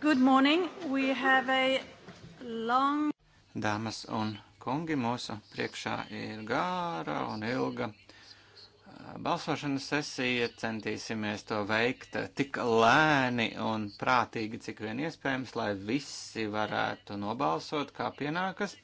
Good morning. We have a long. Dāmas un kungi, mūsu priekšā ir gāra un ilga uh, balsošanas sesija. Centīsimies to veikt uh, tik lēni un prātīgi, cik vien iespējams, lai visi varētu nobalsot, kā pienākas.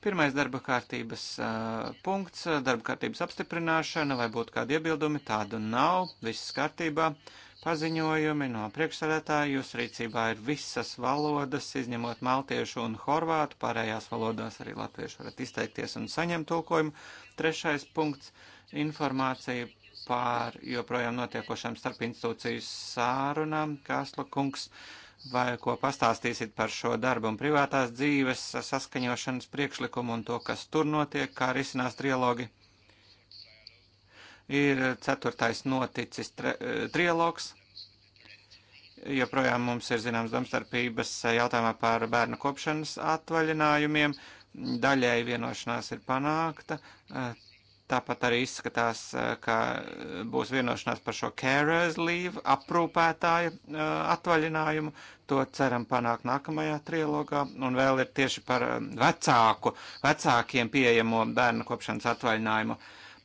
Pirmais darba kārtības uh, punkts - darba kārtības apstiprināšana, vai būtu kādi iebildumi, tādu nav, viss kārtībā. Uh, paziņojumi no priekšsēdētāja. Jūsu rīcībā ir visas valodas, izņemot maltiešu un horvātu. Pārējās valodās arī latviešu varat izteikties un saņemt tulkojumu. Trešais punkts - informācija pār joprojām notiekošām starp institūciju sārunām. Kāsla kungs, vai ko pastāstīsit par šo darbu un privātās dzīves saskaņošanas priekšlikumu un to, kas tur notiek, kā risinās trilogi? ir ceturtais noticis tri e, trialogs. Joprojām mums ir zināms domstarpības e, jautājumā par bērnu kopšanas atvaļinājumiem. Daļēji vienošanās ir panākta. E, tāpat arī izskatās, ka būs vienošanās par šo carers leave, aprūpētāju atvaļinājumu. To ceram panākt nākamajā trilogā. Un vēl ir tieši par vecāku, vecākiem pieejamo bērnu kopšanas atvaļinājumu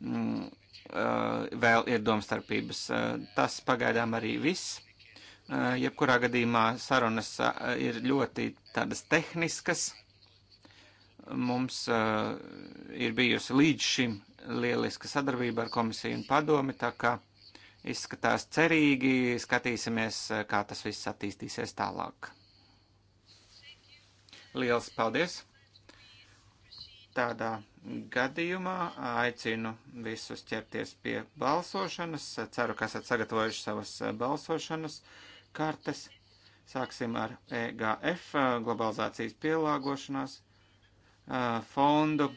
mm, Uh, vēl ir domstarpības. Uh, tas pagaidām arī viss. Uh, jebkurā gadījumā sarunas ir ļoti tādas tehniskas. Mums ir bijusi līdz šim lieliska sadarbība ar komisiju un padomi, tā kā izskatās cerīgi, skatīsimies, kā tas viss attīstīsies tālāk. Liels paldies! Tādā gadījumā aicinu visus ķerties pie balsošanas. Ceru, ka esat sagatavojuši savas eh, balsošanas kartes. Sāksim ar EGF, eh, globalizācijas pielāgošanās eh, fondu,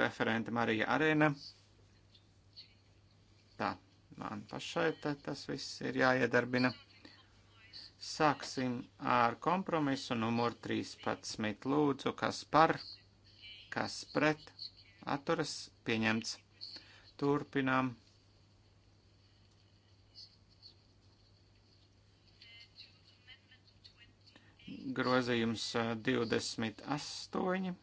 referente Marija Arēna. Tā, man pašai tas viss ir jāiedarbina. Sāksim ar kompromisu numur 13. Lūdzu, kas par, kas pret atturas pieņemts. Turpinām. Grozījums 28.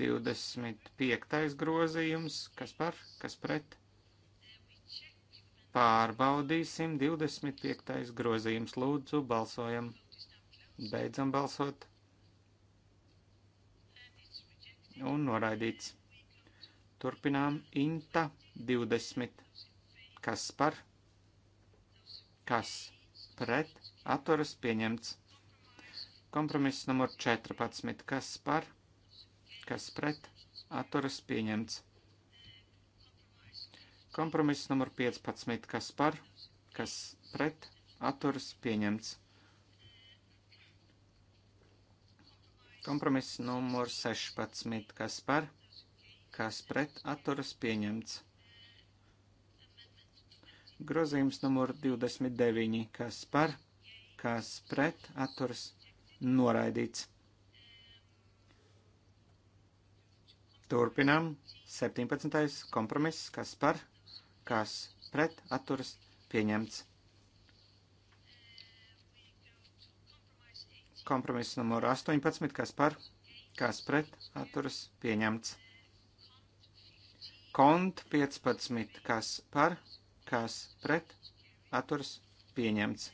Divdesmit piektais grozījums, kas par, kas pret? Pārbaudīsim 25. grozījums. Lūdzu, balsojam! Beidzam balsot. Un noraidīts. Turpinām Inta 20. Kas par? Kas pret? Atturas pieņemts. Kompromiss numur 14. Kas par? Kas pret? Atturas pieņemts. Kompromiss numur 15. Kas par? Kas pret? Atturas pieņemts. Kompromiss numur 16. Kas par? Kas pret? Atturas pieņemts. Grozījums numur 29. Kas par? Kas pret? Atturas noraidīts. Turpinām. 17. kompromiss. Kas par? Kas pret? Atturas pieņemts. Kompromiss numur 18, kas par, kas pret, atturas pieņemts. Kont 15, kas par, kas pret, atturas pieņemts.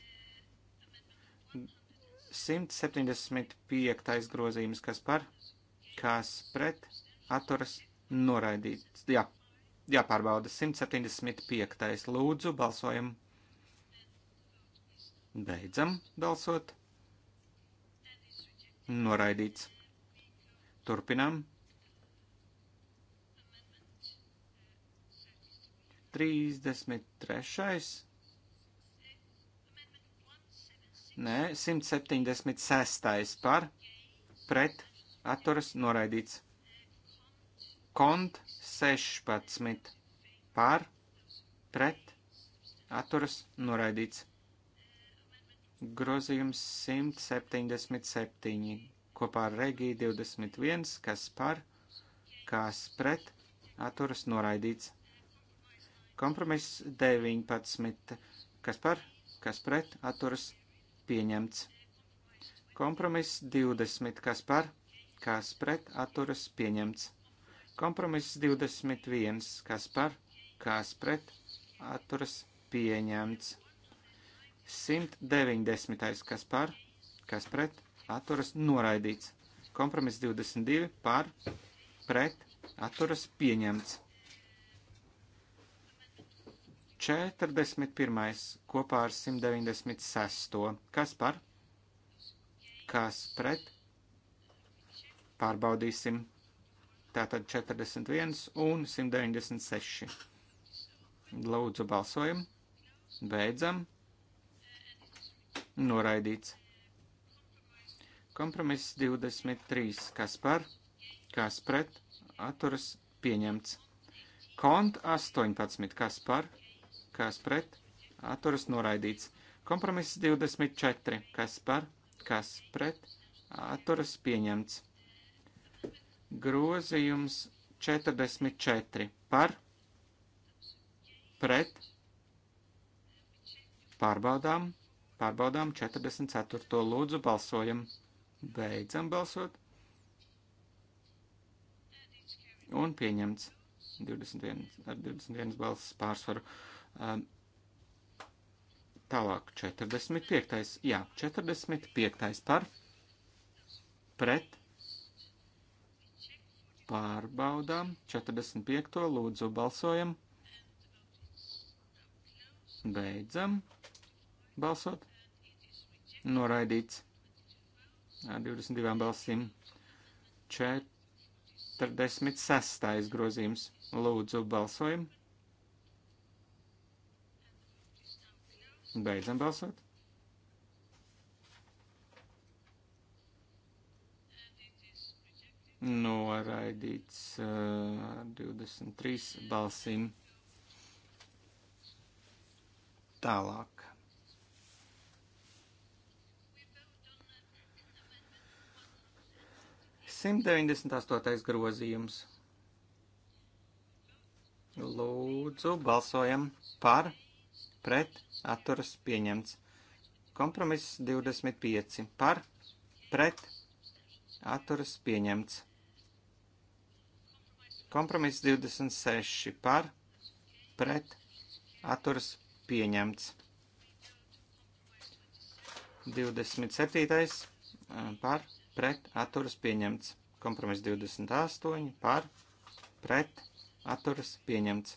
175. grozījums, kas par, kas pret, atturas noraidīts. Jā, jāpārbauda 175. Lūdzu, balsojam. Beidzam balsot. Noraidīts. Turpinām. 33. Nē, 176. par pret atturas noraidīts. Kont 16 par pret atturas noraidīts grozījums 177 kopā ar Regiju 21, kas par, kas pret, atturas noraidīts. Kompromiss 19, kas par, kas pret, atturas pieņemts. Kompromiss 20, kas par, kas pret, atturas pieņemts. Kompromiss 21, kas par, kas pret, atturas pieņemts. 190. kas par, kas pret, atturas noraidīts. Kompromiss 22 par, pret, atturas pieņemts. 41. kopā ar 196. kas par, kas pret, pārbaudīsim. Tātad 41 un 196. Lūdzu balsojam. Beidzam. Noraidīts. Kompromiss 23. Kas par? Kas pret? Atturas pieņemts. Kont 18. Kas par? Kas pret? Atturas noraidīts. Kompromiss 24. Kas par? Kas pret? Atturas pieņemts. Grozījums 44. Par? Pret? Pārbaudām. Pārbaudām 44. lūdzu balsojam. Beidzam balsot. Un pieņemts 21, ar 21 balsas pārsvaru. Um, tālāk 45. Jā, 45. par pret pārbaudām 45. lūdzu balsojam. Beidzam balsot noraidīts ar 22 balsīm. 46. grozījums. Lūdzu, balsojam. Beidzam balsot. Noraidīts ar uh, 23 balsīm. Tālāk. 198. grozījums. Lūdzu, balsojam par, pret, atturas pieņemts. Kompromiss 25. Par, pret, atturas pieņemts. Kompromiss 26. Par, pret, atturas pieņemts. 27. par, pret atturas pieņemts. Kompromiss 28 par pret atturas pieņemts.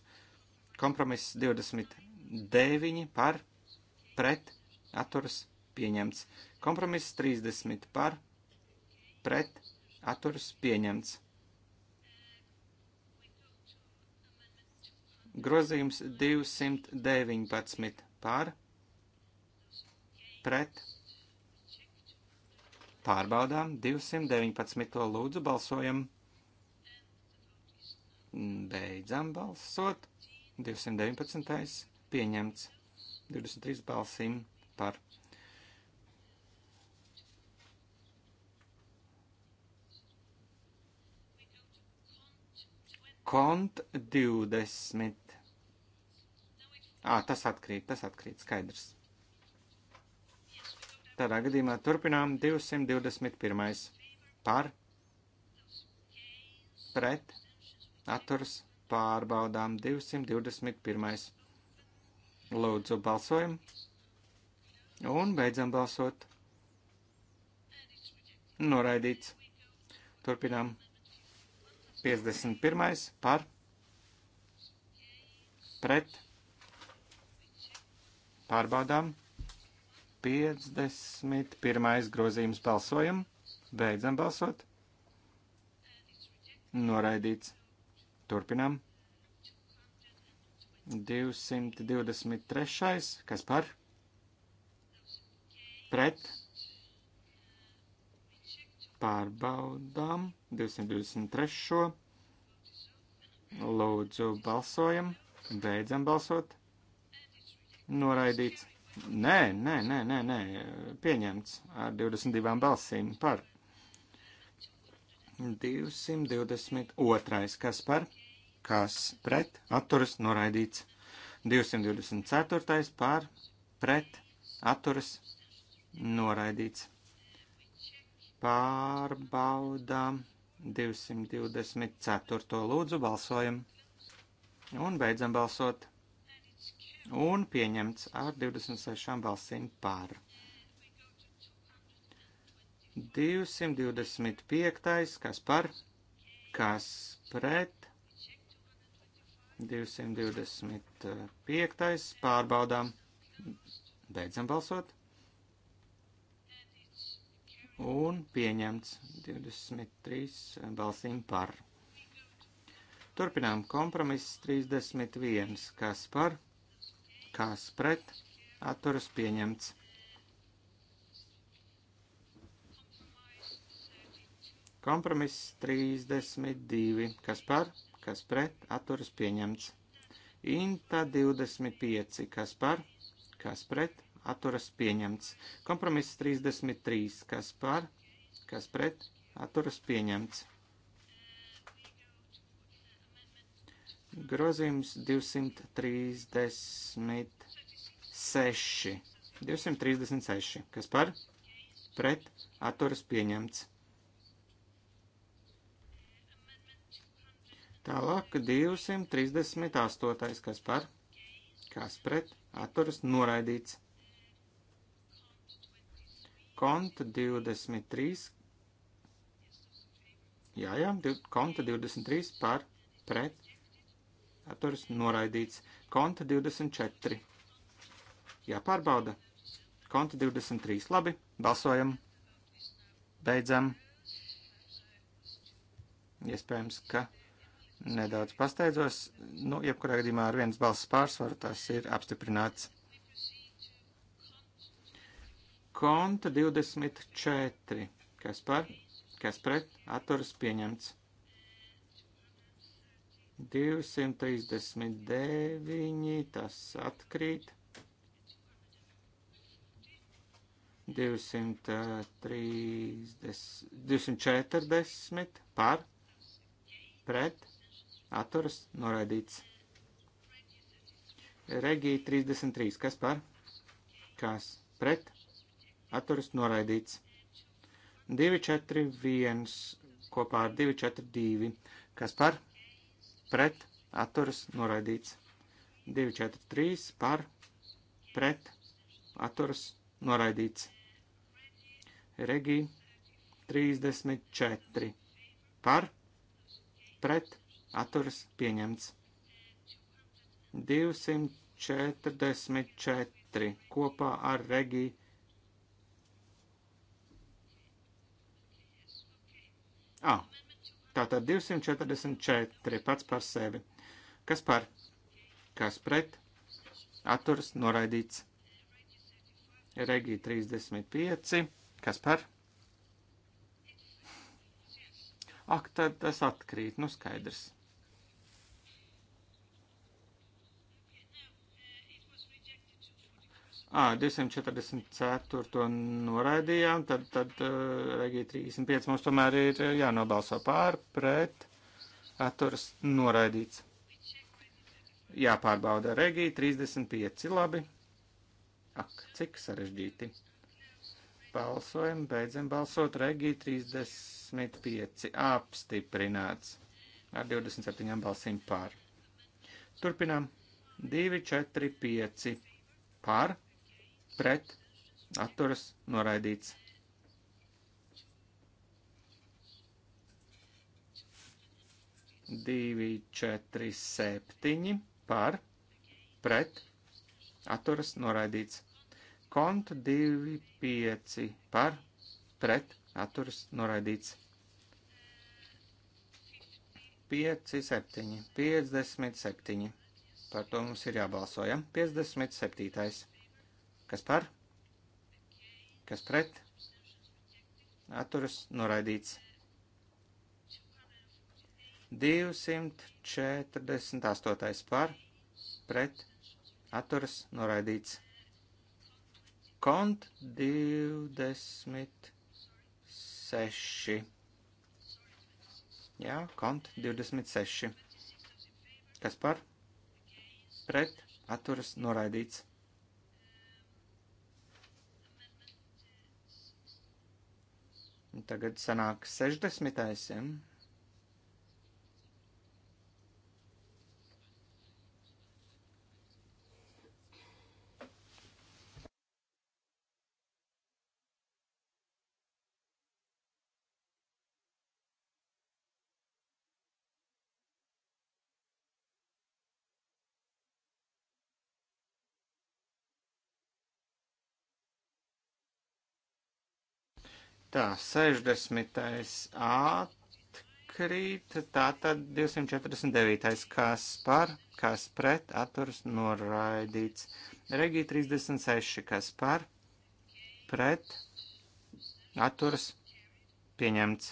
Kompromiss 29 par pret atturas pieņemts. Kompromiss 30 par pret atturas pieņemts. Grozījums 219 par pret Pārbaudām 219. lūdzu balsojam. Beidzam balsot. 219. pieņemts. 23 balsīm par. Kont 20. Ā, tas atkrīt, tas atkrīt, skaidrs. Tādā gadījumā turpinām 221. par pret atturs pārbaudām 221. Lūdzu balsojam un beidzam balsot. Noraidīts. Turpinām 51. par pret pārbaudām 51. grozījums balsojam. Beidzam balsot. Noraidīts. Turpinām. 223. Kas par? Pret. Pārbaudām. 223. Lūdzu, balsojam. Beidzam balsot. Noraidīts. Nē, nē, nē, nē, nē, pieņemts ar 22 balsīm par. 222. kas par, kas pret, atturas noraidīts. 224. par, pret, atturas noraidīts. Pārbaudām 224. lūdzu balsojam un beidzam balsot un pieņemts ar 26 balsīm par. 225. kas par, kas pret. 225. pārbaudām. Beidzam balsot. Un pieņemts 23 balsīm par. Turpinām kompromiss 31. kas par, kas pret kas pret atturas pieņemts. Kompromiss 32, kas par, kas pret atturas pieņemts. Inta 25, kas par, kas pret atturas pieņemts. Kompromiss 33, kas par, kas pret atturas pieņemts. Grozījums 236. 236. Kas par? Pret atturas pieņemts. Tālāk 238. kas par, kas pret, atturas noraidīts. Konta 23, jā, jā, konta 23 par, pret, atturas noraidīts. Konta 24. Jāpārbauda. Konta 23. Labi, balsojam. Beidzam. Iespējams, ka nedaudz pasteidzos. Nu, jebkurā gadījumā ar vienas balss pārsvaru tas ir apstiprināts. Konta 24. Kas par? Kas pret? Atturas pieņemts. 239, tas atkrīt. 230, 240 par, pret, atturas, noraidīts. Regija 33, kas par, kas pret, atturas, noraidīts. 241 kopā ar 242, kas par, pret pret atturas noraidīts. 243 par pret atturas noraidīts. Regi 34 par pret atturas pieņemts. 244 kopā ar Regi 34. Ah, Tātad 244 pats par sevi. Kas par? Kas pret? Atturs noraidīts. Regija 35. Kas par? Ak, tad tas atkrīt, nu skaidrs. Ā, 244 noraidījām, tad, tad uh, Regija 35 mums tomēr ir jānobalso pār, pret, atturas noraidīts. Jāpārbauda Regija 35, labi. Ak, cik sarežģīti. Balsojam, beidzam balsot, Regija 35 apstiprināts ar 27 balsīm pār. Turpinām 2, 4, 5 pār pret, atturas, noraidīts. Divi, četri, septiņi par, pret, atturas, noraidīts. Konta divi, pieci par, pret, atturas, noraidīts. 5, 7, 57. Par to mums ir jābalso, ja? 57. Kas par? Kas pret? Atturas noraidīts. 248. par, pret, atturas noraidīts. Kont 26. Jā, kont 26. Kas par? Pret, atturas noraidīts. Tagad sanāk 60. Tā, 60. atkrīt, tātad 249. kas par, kas pret, atturs noraidīts. Regī 36. kas par, pret, atturs pieņemts.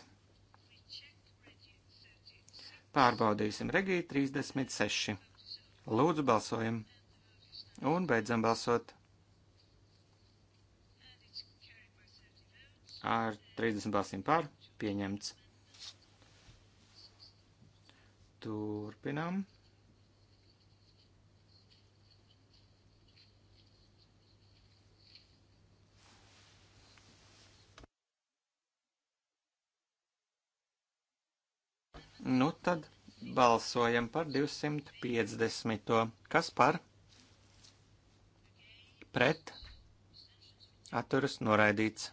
Pārbaudīsim Regī 36. Lūdzu balsojam un beidzam balsot. ar 30 balsīm par pieņemts. Turpinām. Nu tad balsojam par 250. Kas par? Pret. Atturas noraidīts.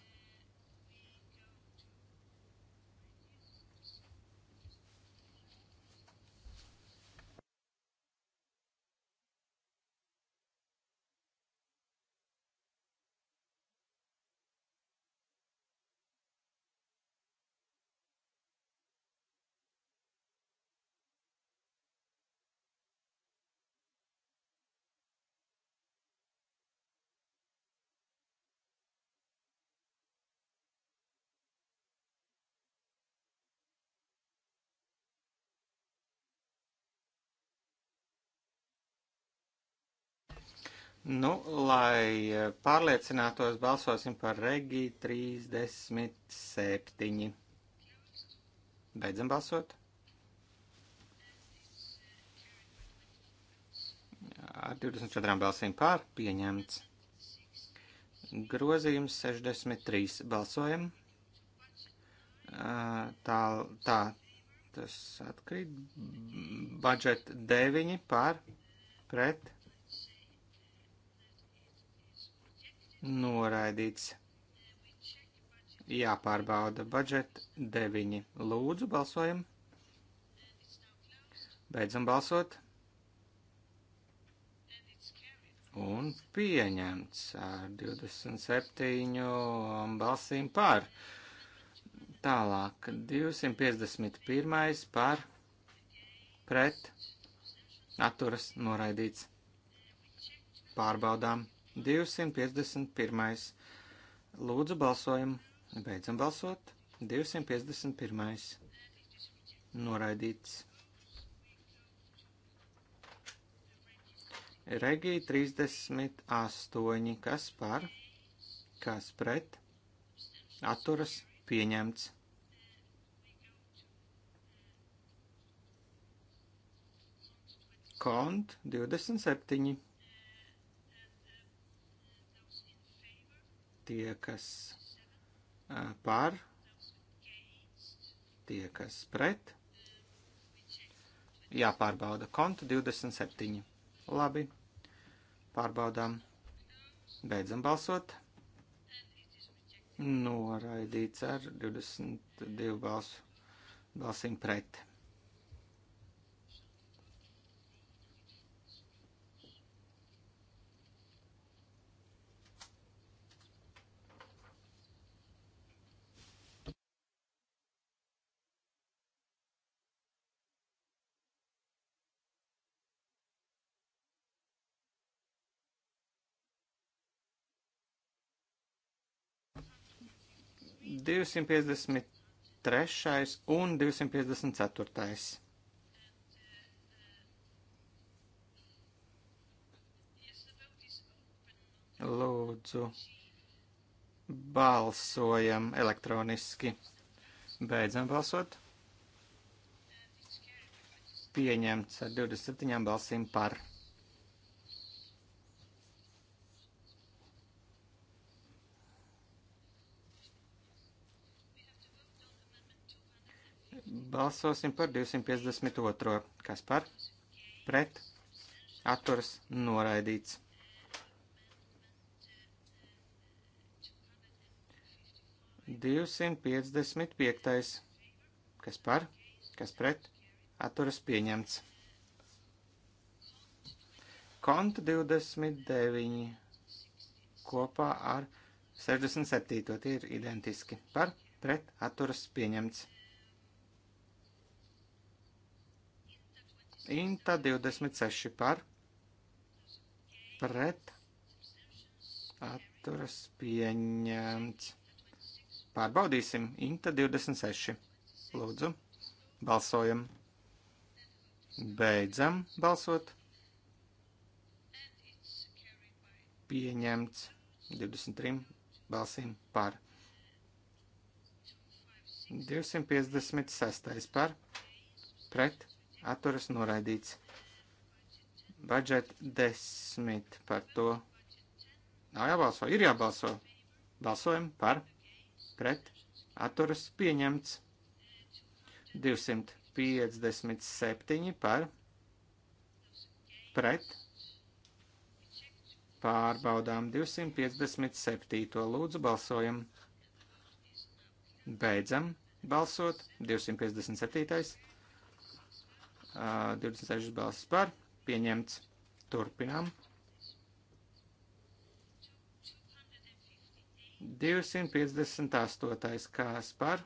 Nu, lai eh, pārliecinātos, balsosim par Regi 37. Beidzam balsot. Ar 24 balsīm pār pieņemts. Grozījums 63. Balsojam. Eh, tā, tā, tas atkrīt. Budžet 9 pār pret Noraidīts. Jāpārbauda budžet 9. Lūdzu, balsojam. Beidzam balsot. Un pieņemts ar 27 balsīm par. Tālāk 251 par pret atturas noraidīts. Pārbaudām 251. Lūdzu balsojumu. Beidzam balsot. 251. Noraidīts. Regija 38. Kas par? Kas pret? Atturas pieņemts. Kont 27. tie, kas par, tie, kas pret. Jāpārbauda kontu 27. Labi, pārbaudām, beidzam balsot. Noraidīts ar 22 balsu, balsīm pret. 253. un 254. Lūdzu, balsojam elektroniski. Beidzam balsot. Pieņemts ar 27 balsīm par. balsosim par 252. Kas par? Pret. Atturas noraidīts. 255. Kas par? Kas pret? Atturas pieņemts. Konta 29 kopā ar 67. Tie ir identiski. Par? Pret? Atturas pieņemts. Inta 26 par pret atturas pieņemts. Pārbaudīsim. Inta 26. Lūdzu, balsojam. Beidzam balsot. Pieņemts 23 balsīm par. 256 par pret atturas noraidīts. Budžet 10 par to. Nav jābalso, ir jābalso. Balsojam par, pret, atturas pieņemts. 257 par, pret, pārbaudām 257. Lūdzu, balsojam. Beidzam balsot. 257. 26 balsis par, pieņemts. Turpinām. 258. kas par,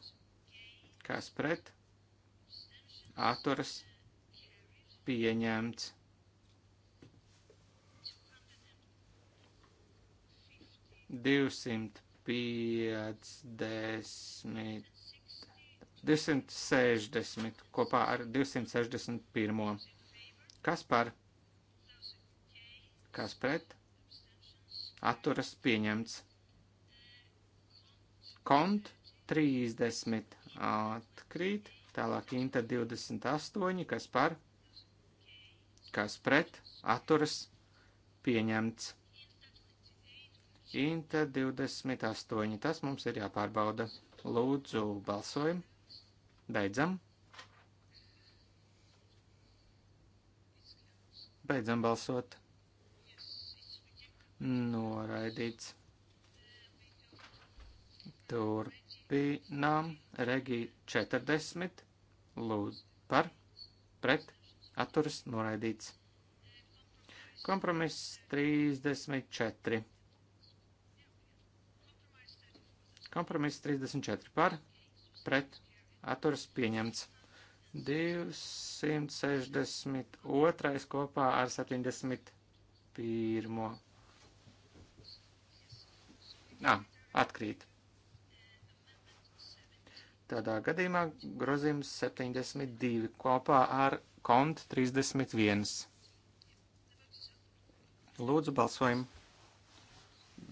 kas pret, atturas, pieņemts. 250. 260 kopā ar 261. Kas par? Kas pret? Atturas pieņemts. Kont 30 atkrīt, tālāk Inta 28, kas par? Kas pret? Atturas pieņemts. Inta 28, tas mums ir jāpārbauda. Lūdzu, balsojam! Beidzam. Beidzam balsot. Noraidīts. Turpinām. Regi 40. Lūdzu par. Pret. Atturas noraidīts. Kompromiss 34. Kompromiss 34 par. Pret atturas pieņemts. 262 kopā ar 71. Nā, atkrīt. Tādā gadījumā grozījums 72 kopā ar kont 31. Lūdzu balsojam.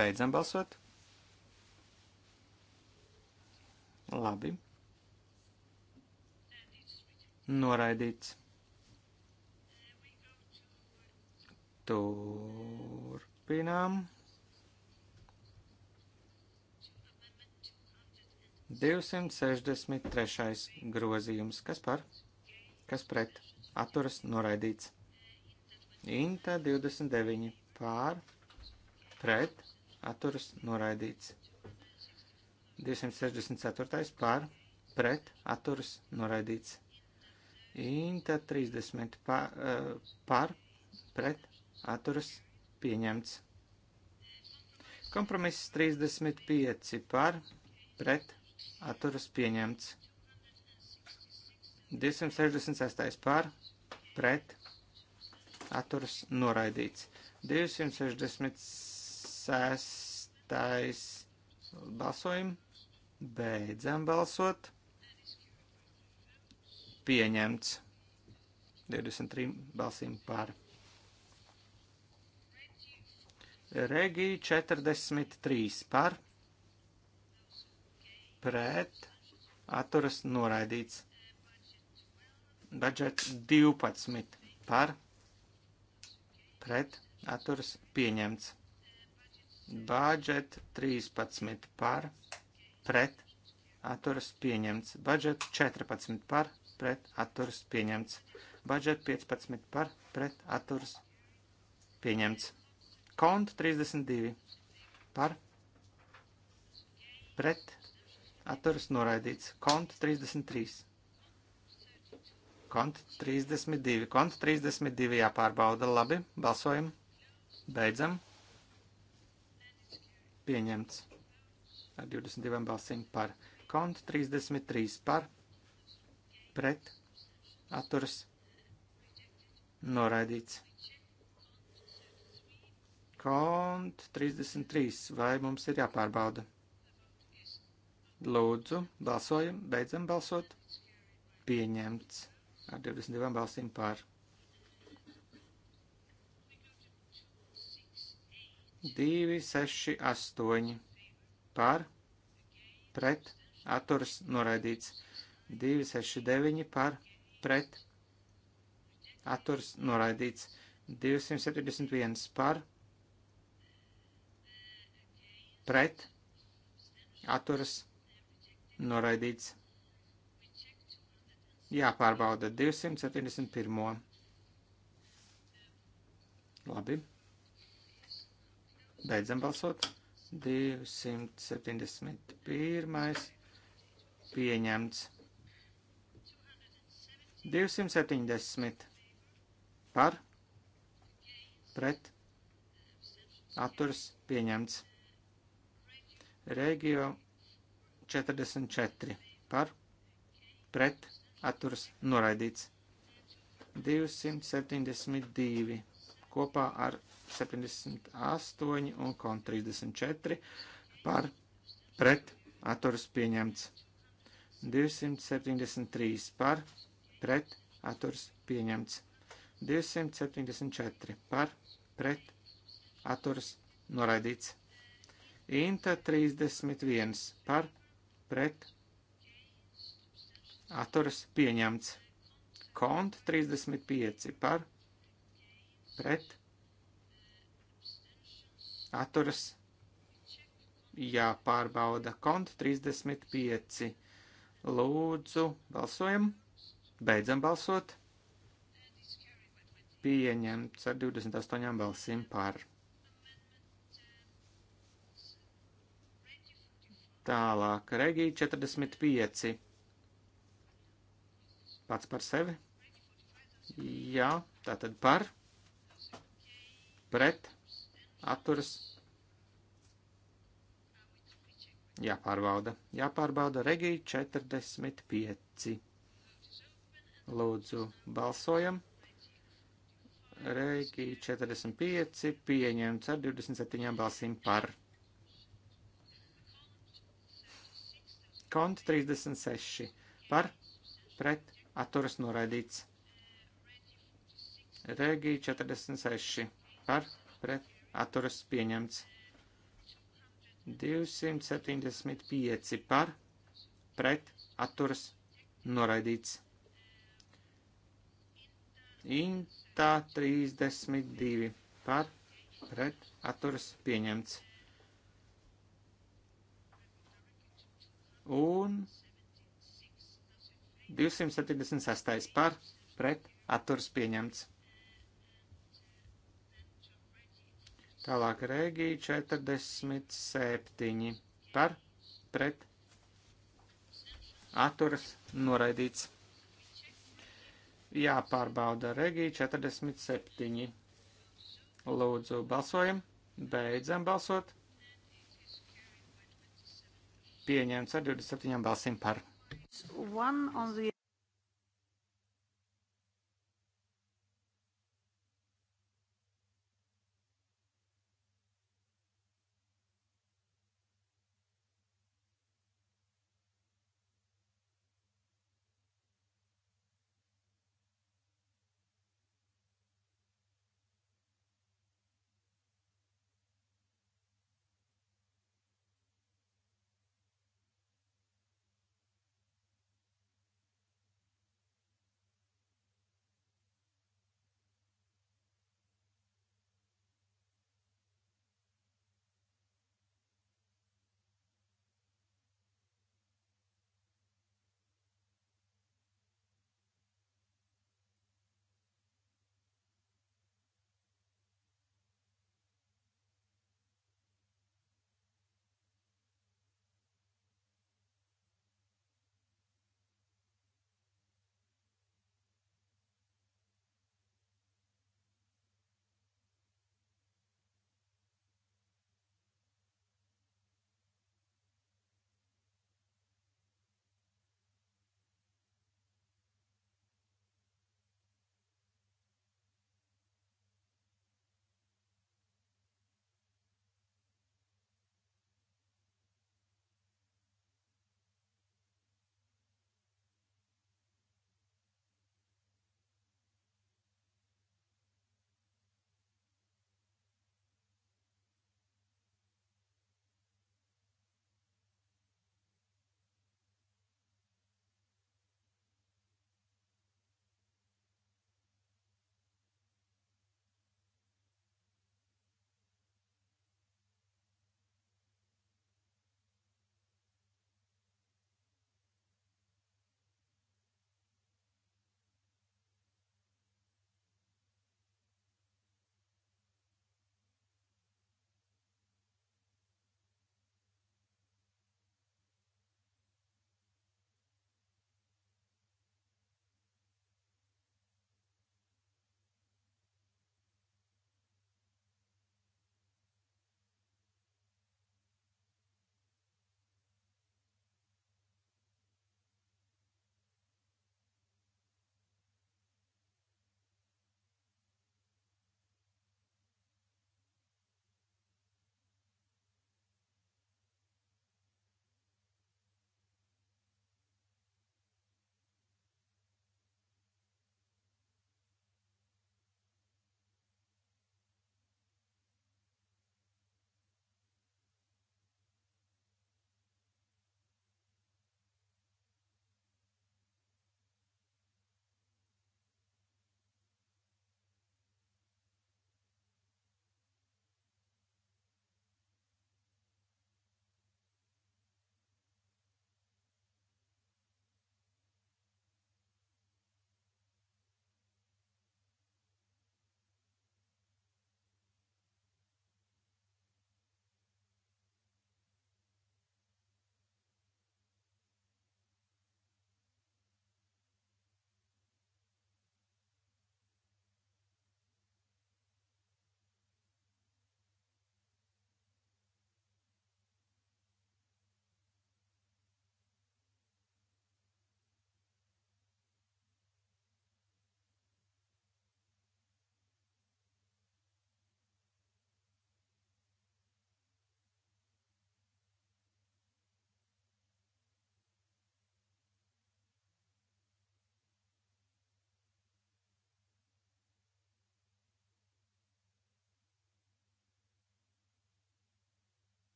Beidzam balsot. Labi. Noraidīts. Turpinām. 263. grozījums. Kas par? Kas pret? Atturas noraidīts. Inta 29. pār. Pret. Atturas noraidīts. 264. pār. Pret. Atturas noraidīts. Inta 30 par, eh, par pret atturas pieņemts. Kompromiss 35 par pret atturas pieņemts. 266 par pret atturas noraidīts. 266 balsojumu beidzam balsot pieņemts 23 balsīm par. Regī 43 par, pret, atturas noraidīts. Budžets 12 par, pret, atturas pieņemts. Budžet 13 par, pret, atturas pieņemts. Budžet 14 par, pret pret atturas pieņemts. Budžet 15 par pret atturas pieņemts. Kont 32 par pret atturas noraidīts. Kont 33. Kont 32. Kont 32 jāpārbauda. Labi, balsojam. Beidzam. Pieņemts. Ar 22 balsīm par. Kont 33 par pret atturas noraidīts. Kont 33. Vai mums ir jāpārbauda? Lūdzu, balsojam, beidzam balsot. Pieņemts ar 22 balsīm pār. 2, 6, 8 pār, pret, atturas noraidīts. 269 par pret atturs noraidīts 271 par pret atturs noraidīts. Jāpārbauda 271. Labi. Beidzam balsot. 271. Pieņemts. 270 par pret atturs pieņemts. Regio 44 par pret atturs noraidīts. 272 kopā ar 78 un kon 34 par pret atturs pieņemts. 273 par pret pret atturs pieņemts. 274 par pret atturs noraidīts. Inta 31 par pret atturs pieņemts. Kont 35 par pret atturs jāpārbauda. Kont 35. Lūdzu, balsojam! Beidzam balsot. Pieņemts ar 28 balsīm par. Tālāk, Regija 45. Pats par sevi. Jā, tātad par, pret, atturas. Jāpārbauda, jāpārbauda Regija 45. Lūdzu, balsojam. Reiki 45 pieņemts ar 27 balsīm par. Kont 36 par pret atturas noraidīts. Regi 46 par pret atturas pieņemts. 275 par pret atturas noraidīts. Intā 32 par pret atturas pieņemts. Un 276 par pret atturas pieņemts. Tālāk Rēgī 47 par pret atturas noraidīts jāpārbauda Regī 47. Lūdzu, balsojam, beidzam balsot. Pieņemts ar 27 balsīm par. The...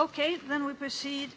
Okay, then we proceed.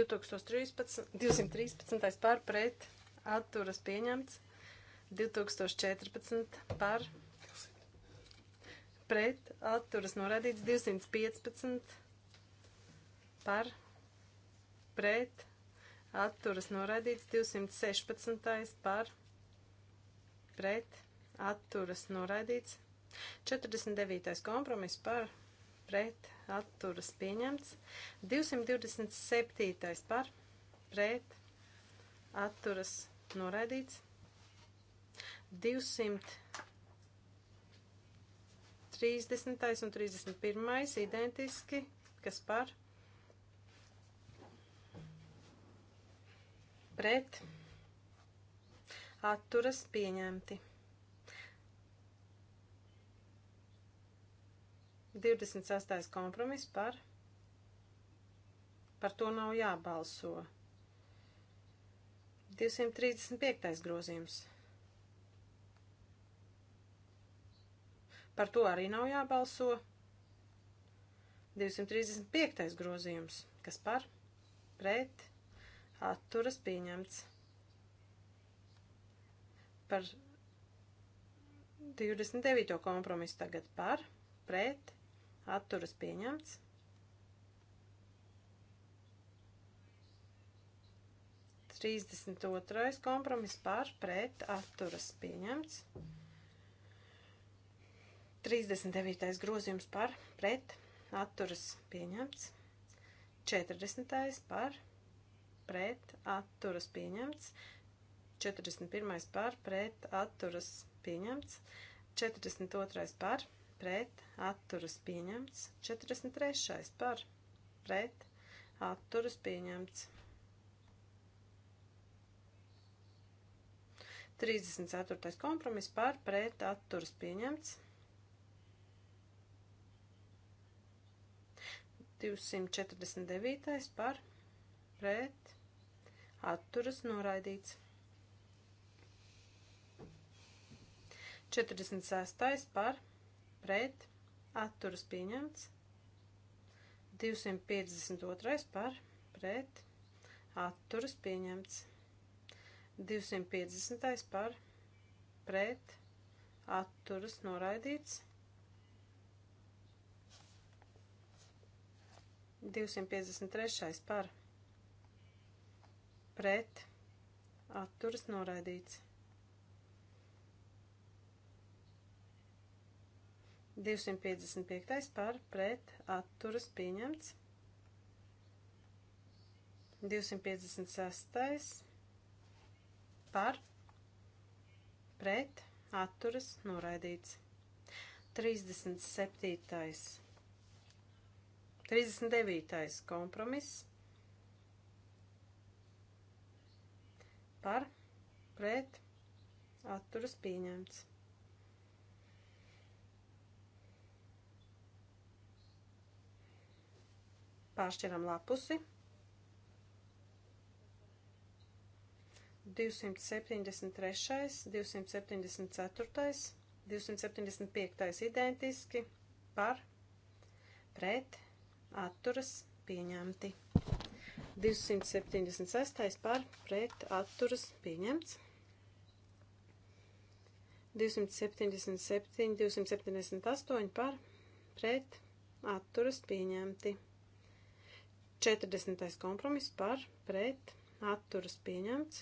2013, 213. par pret atturas pieņemts, 2014 par pret atturas norādīts, 215 par pret atturas norādīts, 216 par pret atturas norādīts, 49. kompromiss par pret atturas pieņemts. 227. par pret atturas noraidīts. 230. un 31. identiski, kas par pret atturas pieņemti. 26. kompromiss par. Par to nav jābalso. 235. grozījums. Par to arī nav jābalso. 235. grozījums. Kas par? Pret. Atturas pieņemts. Par 29. kompromisu tagad par. Pret atturas pieņemts. Trīsdesmit otrais kompromiss par pret atturas pieņemts. 39. grozījums par pret atturas pieņemts. 40. par pret atturas pieņemts. 41. par pret atturas pieņemts. 42. par pret pret atturas pieņemts. 43. par pret atturas pieņemts. 34. kompromis par pret atturas pieņemts. 249. par pret atturas noraidīts. 46. par pret pret atturas pieņemts. 252 par pret atturas pieņemts. 250 par pret atturas noraidīts. 253 par pret atturas noraidīts. 255. par pret atturas pieņemts. 256. par pret atturas noraidīts. 37. 39. kompromiss par pret atturas pieņemts. Pāršķiram lapusi. 273, 274, 275 identiski par pret atturas pieņemti. 276 par pret atturas pieņemts. 277, 278 par pret atturas pieņemti. 40. kompromiss par pret atturas pieņemts.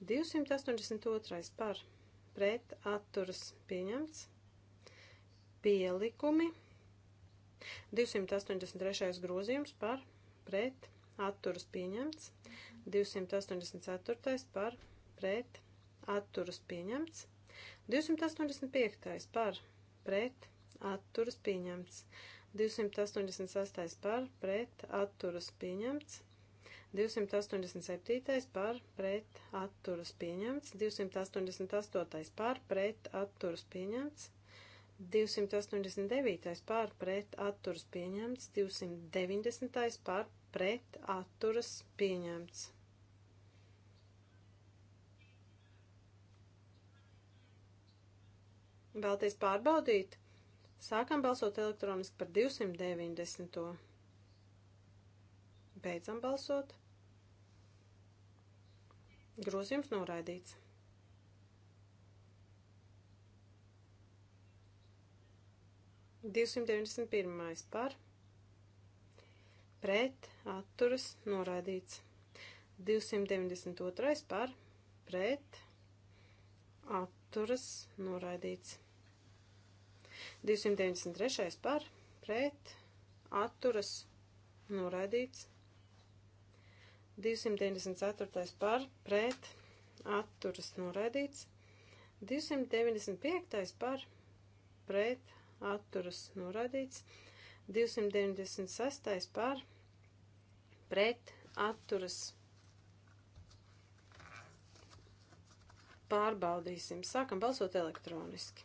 282. par pret atturas pieņemts. Pielikumi. 283. grozījums par pret atturas pieņemts. 284. par pret atturas pieņemts. 285. par pret atturas pieņemts. 286. par pret atturas pieņemts. 287. par pret atturas pieņemts. 288. par pret atturas pieņemts. 289. par pret atturas pieņemts. 290. par pret atturas pieņemts. 290. Vēlties pārbaudīt? Sākam balsot elektroniski par 290. Beidzam balsot. Grozījums noraidīts. Divsimt deviņdesmit pirmais par, pret, atturas, noraidīts. 292 par pret atturas noraidīts. 293. par pret atturas noraidīts. 294. par pret atturas noraidīts. 295. par pret atturas noraidīts. 296. par pret atturas pārbaudīsim. Sākam balsot elektroniski.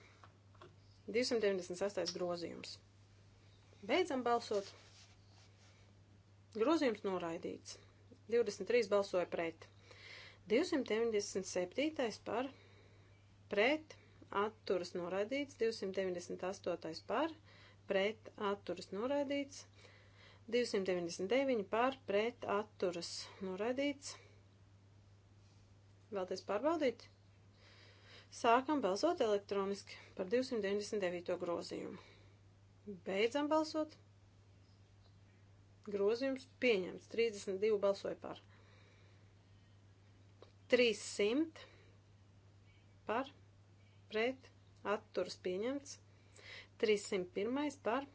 298. grozījums. Beidzam balsot. Grozījums noraidīts. 23 balsoja pret. 297. par pret atturas noraidīts. 298. par pret atturas noraidīts. 299 par pret atturas noraidīts. Vēlties pārbaudīt? 299. Sākam balsot elektroniski par 299. grozījumu. Beidzam balsot. Grozījums pieņemts. 32 balsoja par. 300 par pret atturas pieņemts. 301 par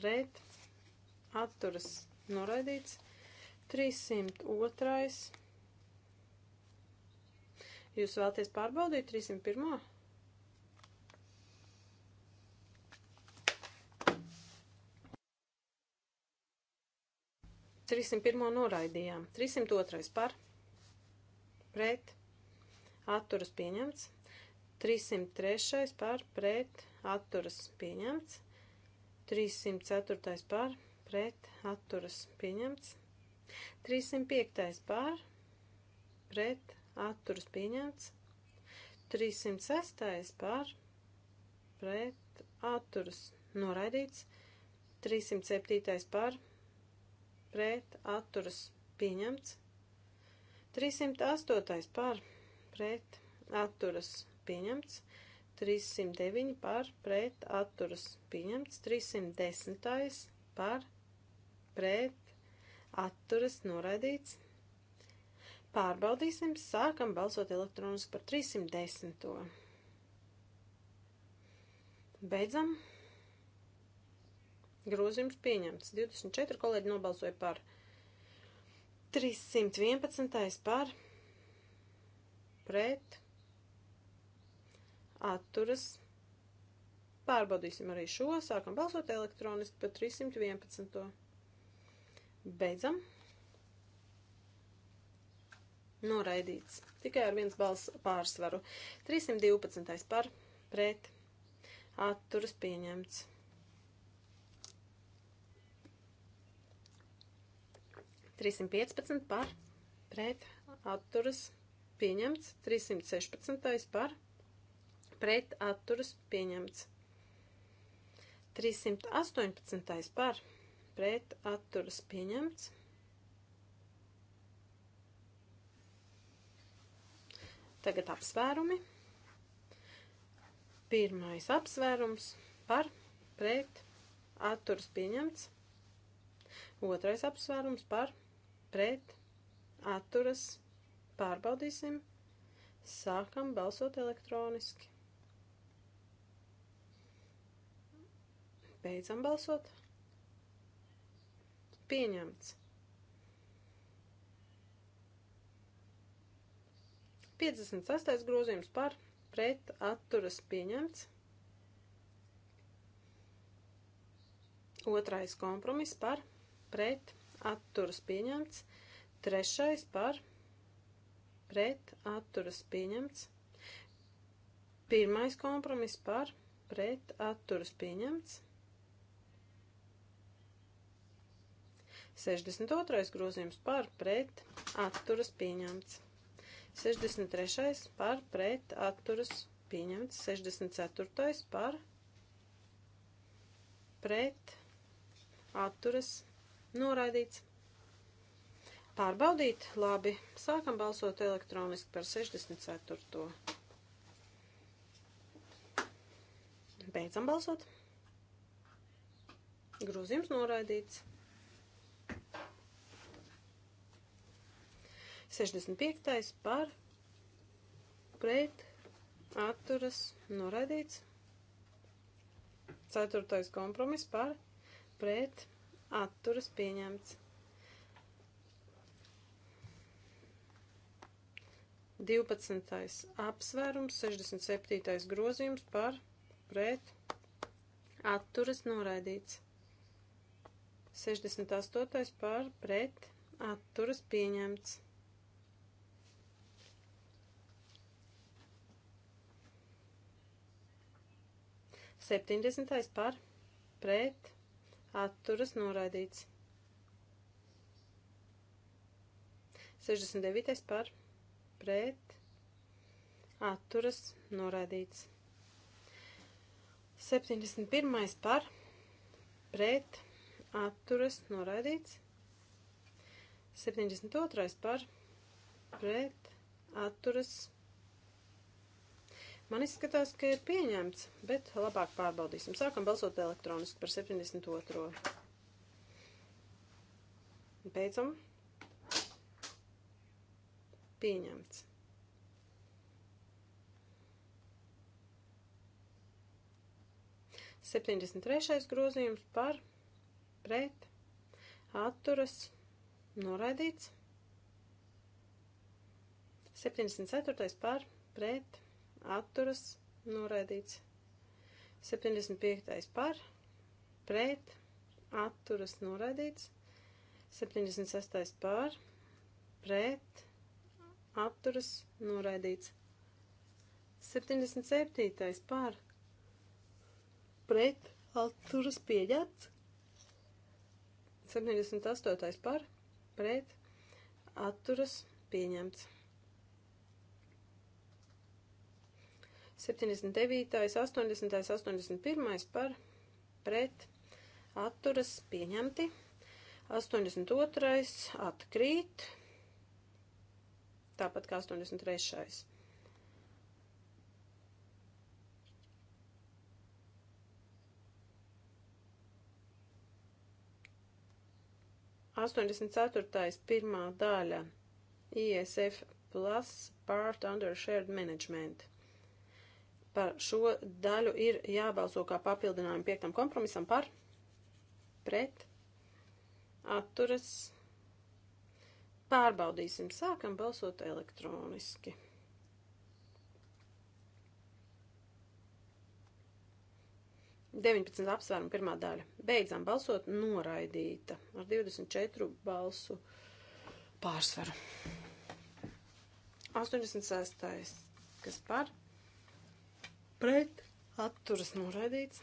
pret atturas noraidīts. 302 Jūs vēlaties pārbaudīt 301? Trīsim pirmo noraidījām. Trīsim otrais par. Pret. Atturas pieņemts. 303. par pret atturas pieņemts. 304. par pret atturas pieņemts. 305. par pret atturas pieņemts. 306. par pret atturas noraidīts. 307. par pret atturas pieņemts. 308. par pret atturas pieņemts. 309 par pret atturas pieņemts. 310. par pret atturas noraidīts. Pārbaudīsim, sākam balsot elektroniski par 310. Beidzam. Grozījums pieņemts. 24 kolēģi nobalsoja par 311. par pret atturas. Pārbaudīsim arī šo. Sākam balsot elektroniski par 311. Beidzam. Noraidīts. Tikai ar viens balss pārsvaru. 312. par pret. Atturas pieņemts. Trīsim piecpadsmit par pret atturas pieņemts. Trīsim sešpadsmitais par pret atturas pieņemts. 318. par pret atturas pieņemts. Tagad apsvērumi. Pirmais apsvērums par pret atturas pieņemts. Otrais apsvērums par pret atturas pārbaudīsim. Sākam balsot elektroniski. Beidzam balsot. Pieņemts. 58. grozījums par pret atturas pieņemts. Otrais kompromiss par pret atturas pieņemts. Trešais par pret atturas pieņemts. Pirmais kompromiss par pret atturas pieņemts. 62. grozījums par pret atturas pieņemts. 63. par pret atturas pieņemts. 64. par pret atturas noraidīts. Pārbaudīt, labi, sākam balsot elektroniski par 64. Beidzam balsot. Grūzījums noraidīts. 65. par pret atturas noraidīts. 4. kompromis par pret atturas pieņemts. 12. apsvērums, 67. grozījums par pret atturas noraidīts. 68. par pret atturas pieņemts. 70. par pret atturas noraidīts. 69. par pret atturas noraidīts. 71. par pret atturas noraidīts. 72. par pret atturas noraidīts. Man izskatās, ka ir pieņemts, bet labāk pārbaudīsim. Sākam balsot elektroniski par 72. Beidzam. Pieņemts. Septiņdesmit trešais grozījums par pret atturas noraidīts. 74. par pret atturas noraidīts. 75. par pret atturas noraidīts. 76. par pret atturas noraidīts. 77. par pret atturas pieļāts. 78. par pret atturas pieņemts. 79, 80, 81 par pret atturas pieņemti. 82 atkrīt, tāpat kā 83. Astoņdesmit ceturtais pirmā daļa ISF plus part under shared management. Par šo daļu ir jābalso kā papildinājumu piektam kompromisam par, pret, atturas. Pārbaudīsim, sākam balsot elektroniski. Deviņpadsmit apsvērumu pirmā daļa. Beidzām balsot noraidīta ar 24 balsu pārsvaru. 86. kas par? pret atturas noraidīts.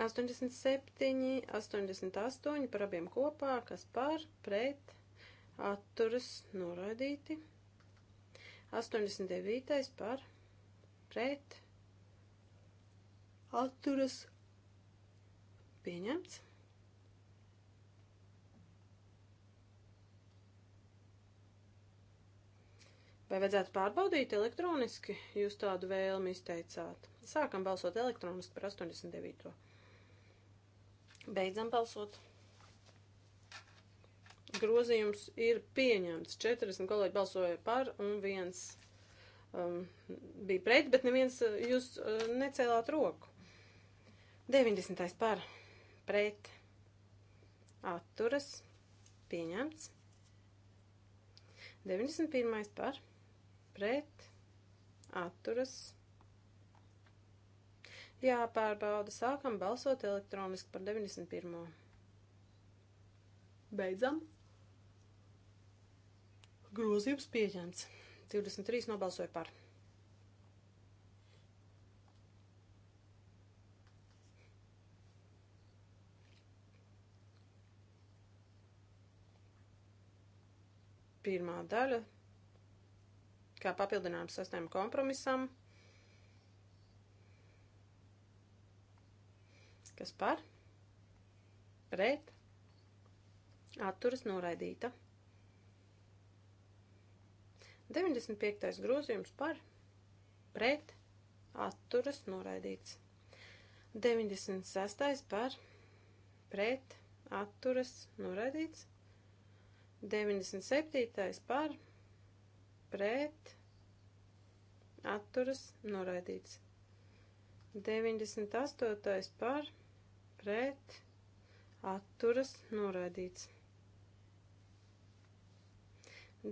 87, 88 par abiem kopā, kas par pret atturas noraidīti. 89 par pret atturas pieņemts. Vai vajadzētu pārbaudīt elektroniski? Jūs tādu vēlmi izteicāt. Sākam balsot elektroniski par 89. Beidzam balsot. Grozījums ir pieņemts. 40 kolēģi balsoja par un viens um, bija pret, bet neviens uh, jūs uh, necēlāt roku. 90. par pret atturas pieņemts. 91. par pret pret, atturas. Jāpārbauda. Sākam balsot elektroniski par 91. Beidzam. Grozījums pieņemts. 23 nobalsoja par. Pirmā daļa kā papildinājums sastajam kompromisam. Kas par? Pret. Atturas noraidīta. 95. grozījums par pret atturas noraidīts. 96. par pret atturas noraidīts. 97. par pret pret, atturas, noraidīts. 98. par, pret, atturas, noraidīts.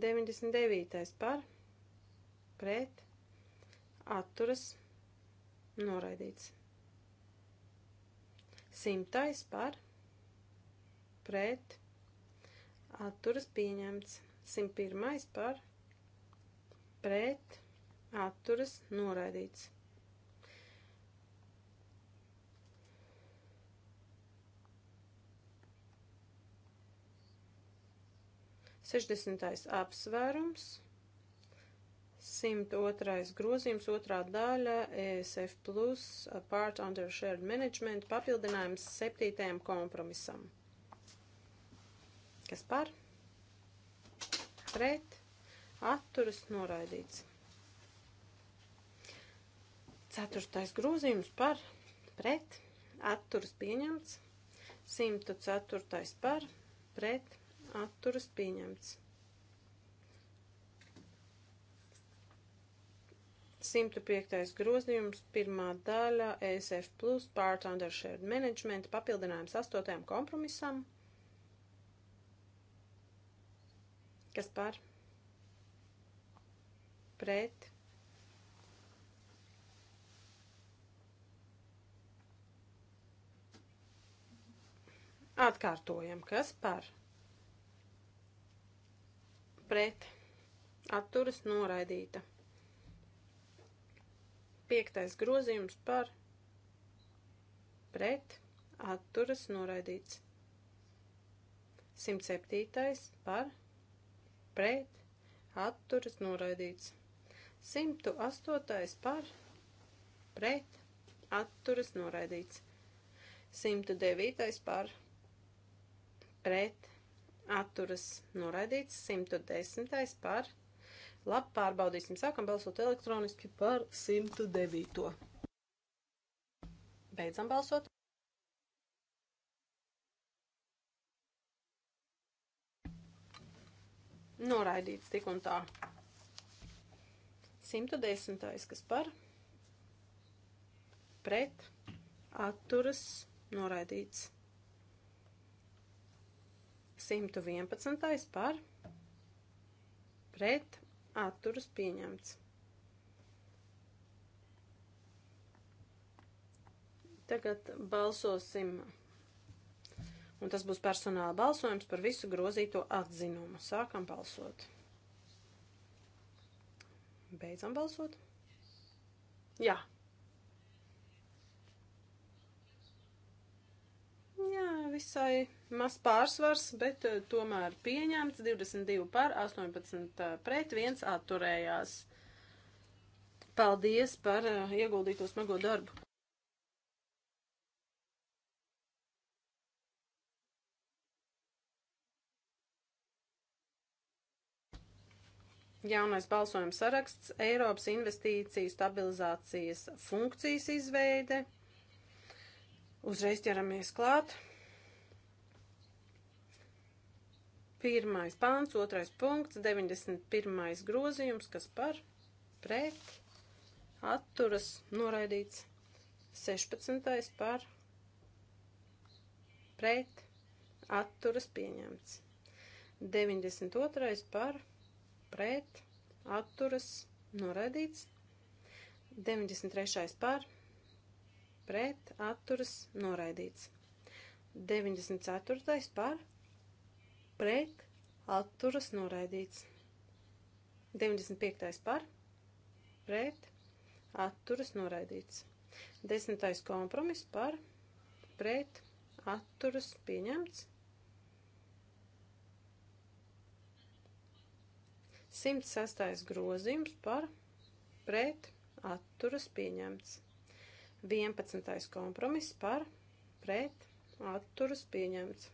99. par, pret, atturas, noraidīts. 100. par, pret, atturas, pieņemts. 101. par, pret, pret, atturas, noraidīts. Sešdesmitais apsvērums, 102. grozījums, otrā daļa, ESF plus, part under shared management, papildinājums septītajam kompromisam. Kas par? Pret? atturas noraidīts. Ceturtais grozījums par pret atturas pieņemts. 104. par pret atturas pieņemts. 105. grozījums, pirmā daļa, ESF plus, part under shared management, papildinājums astotajam kompromisam. Kas par? pret. Atkārtojam, kas par pret atturas noraidīta. Piektais grozījums par pret atturas noraidīts. 107. par pret atturas noraidīts. 108. par pret atturas noraidīts. 109. par pret atturas noraidīts. 110. par labi pārbaudīsim. Sākam balsot elektroniski par 109. Beidzam balsot. Noraidīts tik un tā. 110. kas par pret atturas noraidīts. 111. par pret atturas pieņemts. Tagad balsosim, un tas būs personāla balsojums par visu grozīto atzinumu. Sākam balsot. Beidzam balsot. Jā. Jā, visai maz pārsvars, bet eh, tomēr pieņemts 22 par 18 eh, pret 1 atturējās. Paldies par eh, ieguldīto smago darbu. Jaunais balsojums saraksts - Eiropas investīciju stabilizācijas funkcijas izveide. Uzreiz ķeramies klāt. Pirmais pāns, otrais punkts, 91. grozījums, kas par pret atturas noraidīts 16. par pret atturas pieņemts. 92. par pret pret, atturas, noraidīts. 93. par, pret, atturas, noraidīts. 94. par, pret, atturas, noraidīts. 95. par, pret, atturas, noraidīts. 10. kompromiss par, pret, atturas, pieņemts. 106. grozījums par pret atturas pieņemts. 11. kompromiss par pret atturas pieņemts.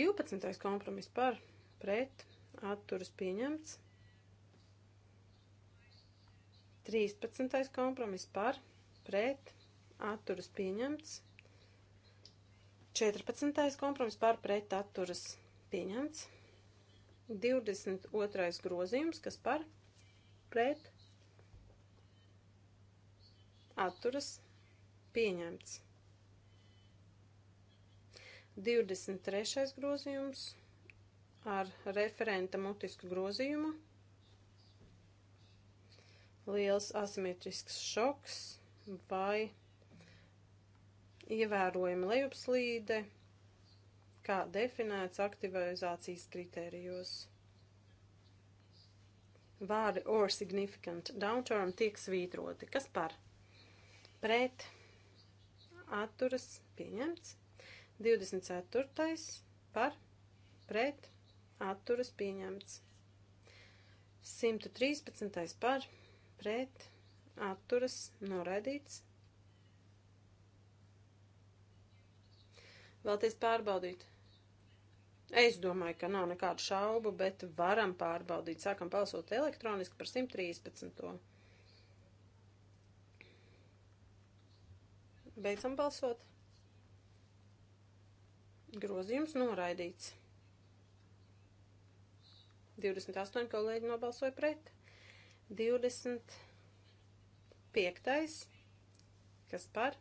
12. kompromiss par pret atturas pieņemts. 13. kompromiss par pret atturas pieņemts. 14. kompromiss par pret atturas pieņemts. 22. grozījums, kas par pret atturas pieņemts. 23. grozījums ar referenta mutisku grozījumu. Liels asimetrisks šoks vai ievērojama lejupslīde kā definēts aktivizācijas kritērijos. Vārdi or significant downturn tiek svītroti. Kas par? Pret atturas pieņemts. 24. par pret atturas pieņemts. 113. par pret atturas noraidīts. Vēlties pārbaudīt? Es domāju, ka nav nekādu šaubu, bet varam pārbaudīt. Sākam balsot elektroniski par 113. Beidzam balsot. Grozījums noraidīts. 28 kolēģi nobalsoja pret. 25. Kas par?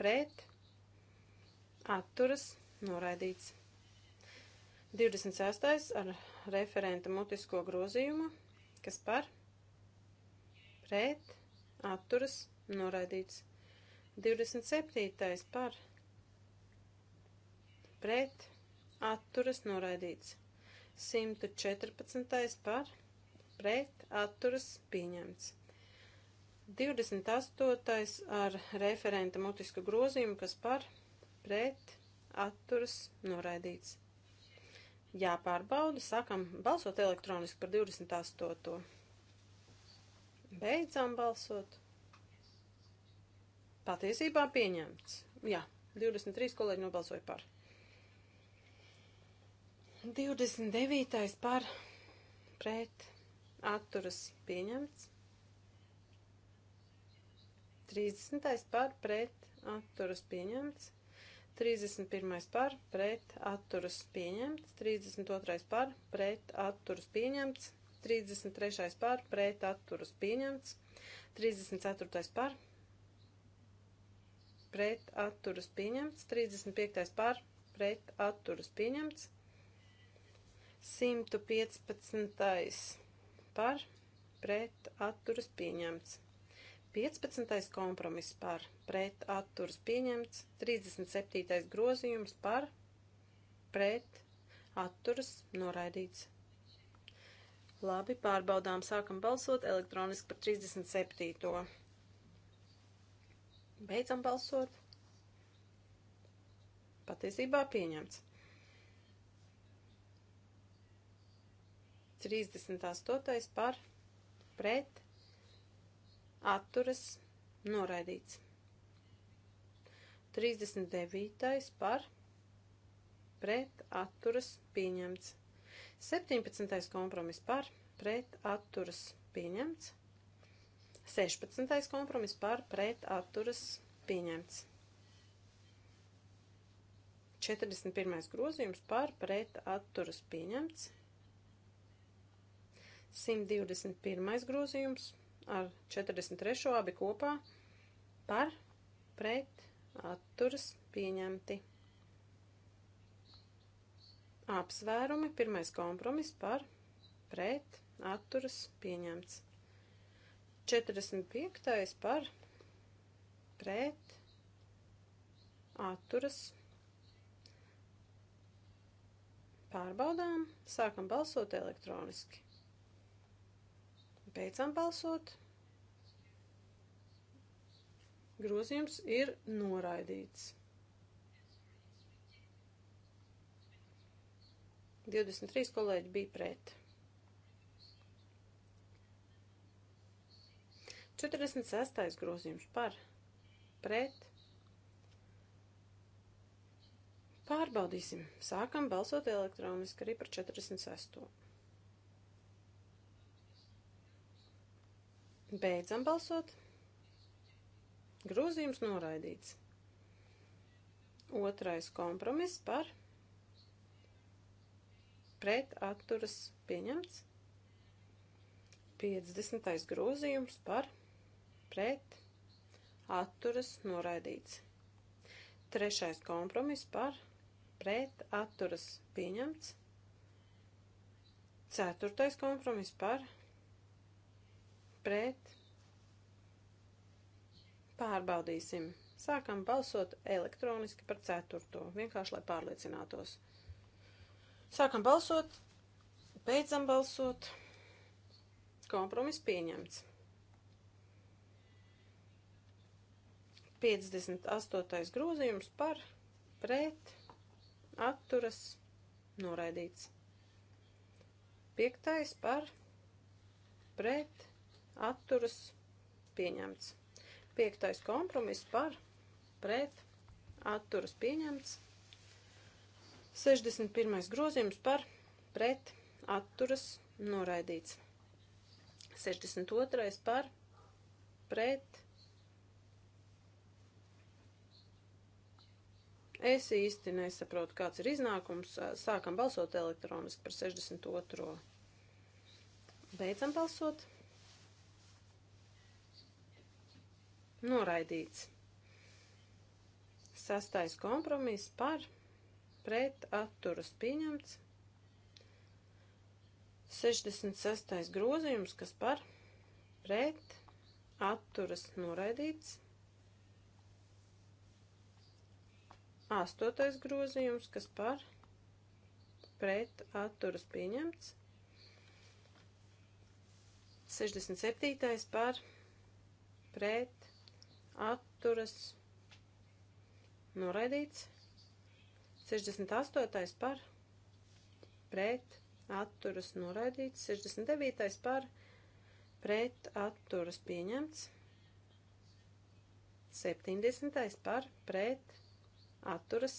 Pret atturas noraidīts. 26. ar referenta mutisko grozījumu, kas par pret atturas noraidīts. 27. par pret atturas noraidīts. 114. par pret atturas pieņemts. 28. ar referenta mutisku grozījumu, kas par pret pret atturas noraidīts. Jāpārbauda, sākam balsot elektroniski par 28. Beidzam balsot. Patiesībā pieņemts. Jā, 23 kolēģi nobalsoja par. 29. par pret atturas pieņemts. 30. par pret atturas pieņemts. 31. par pret atturas pieņemts, 32. par pret atturas pieņemts, 33. par pret atturas pieņemts, 34. par pret atturas pieņemts, 35. par pret atturas pieņemts, 115. par pret atturas pieņemts. 15. kompromiss par pret atturs pieņemts, 37. grozījums par pret atturs noraidīts. Labi, pārbaudām, sākam balsot elektroniski par 37. Beidzam balsot. Patiesībā pieņemts. 38. par pret atturas noraidīts. 39. par pret atturas pieņemts. 17. kompromis par pret atturas pieņemts. 16. kompromis par pret atturas pieņemts. 41. grozījums par pret atturas pieņemts. 121. grozījums ar 43. abi kopā par pret atturas pieņemti. Apsvērumi pirmais kompromis par pret atturas pieņemts. 45. par pret atturas pārbaudām. Sākam balsot elektroniski. Beidzam balsot. Grozījums ir noraidīts. 23 kolēģi bija pret. 46. grozījums par pret. Pārbaudīsim. Sākam balsot elektroniski arī par 46. Beidzam balsot. Grozījums noraidīts. Otrais kompromiss par pret atturas pieņemts. 50. grozījums par pret atturas noraidīts. Trešais kompromiss par pret atturas pieņemts. Ceturtais kompromiss par pret pret. Pārbaudīsim. Sākam balsot elektroniski par ceturto, vienkārši lai pārliecinātos. Sākam balsot, beidzam balsot. Kompromis pieņemts. 58. grozījums par pret atturas noraidīts. 5. par pret atturas pieņemts. Piektais kompromiss par pret atturas pieņemts. 61. grozījums par pret atturas noraidīts. 62. par pret Es īsti nesaprotu, kāds ir iznākums. Sākam balsot elektroniski par 62. Beidzam balsot. noraidīts. Sastais kompromiss par pret atturas pieņemts. 66. grozījums, kas par pret atturas noraidīts. 8. grozījums, kas par pret atturas pieņemts. 67. par pret atturas noraidīts. 68. par pret atturas noraidīts. 69. par pret atturas pieņemts. 70. par pret atturas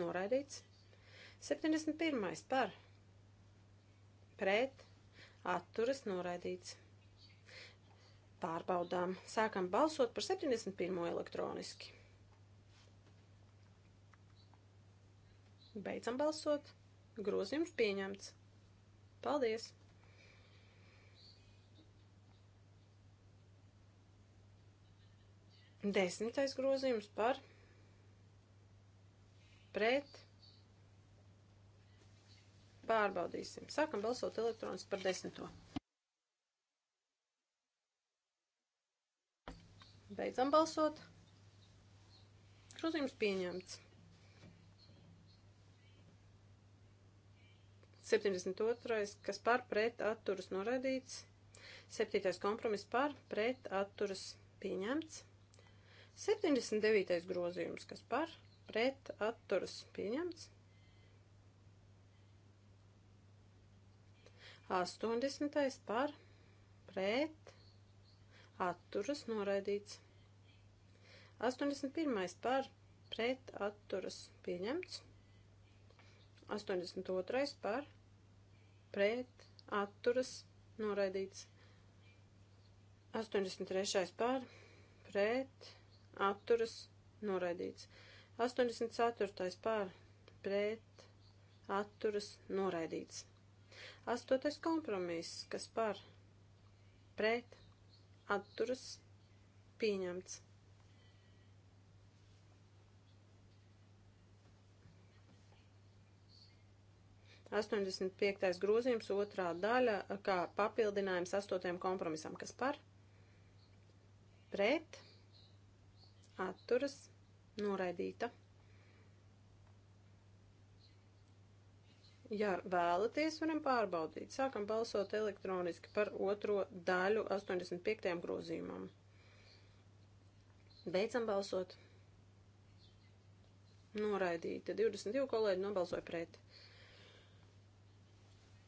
noraidīts. 71. par pret atturas noraidīts. Pārbaudām. Sākam balsot par 71. elektroniski. Beidzam balsot. Grozījums pieņemts. Paldies! Desmitais grozījums par pret pārbaudīsim. Sākam balsot elektroniski par desmito. Beidzam balsot. Grozījums pieņemts. 72. kas par pret atturas noraidīts. 7. kompromiss par pret atturas pieņemts. 79. grozījums, kas par pret atturas pieņemts. 80. par pret atturas noraidīts. 81. par pret atturas pieņemts. 82. par pret atturas noraidīts. 83. par pret atturas noraidīts. 84. par pret atturas noraidīts. 8. kompromiss, kas par pret atturas pieņemts. 85. grozījums otrā daļa kā papildinājums 8. kompromisam. Kas par? Pret. Atturas. Noraidīta. Ja vēlaties, varam pārbaudīt. Sākam balsot elektroniski par otro daļu 85. grozījumam. Beidzam balsot. Noraidīti. 22 kolēģi nobalsoja pret.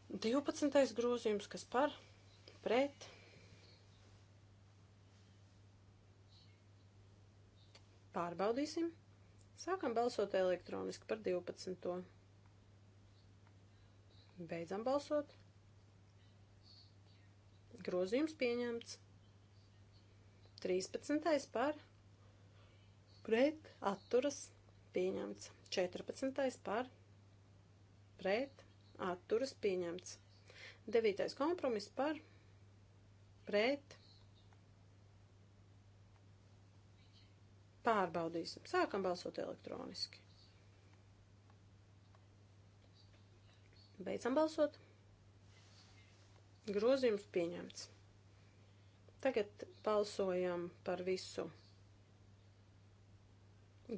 12. grozījums, kas par pret pārbaudīsim. Sākam balsot elektroniski par 12. Beidzam balsot. Grozījums pieņemts. 13. par pret atturas pieņemts. 14. par pret atturas pieņemts. Devītais kompromiss par pret pārbaudīsim. Sākam balsot elektroniski. Beidzam balsot. Grozījums pieņemts. Tagad balsojam par visu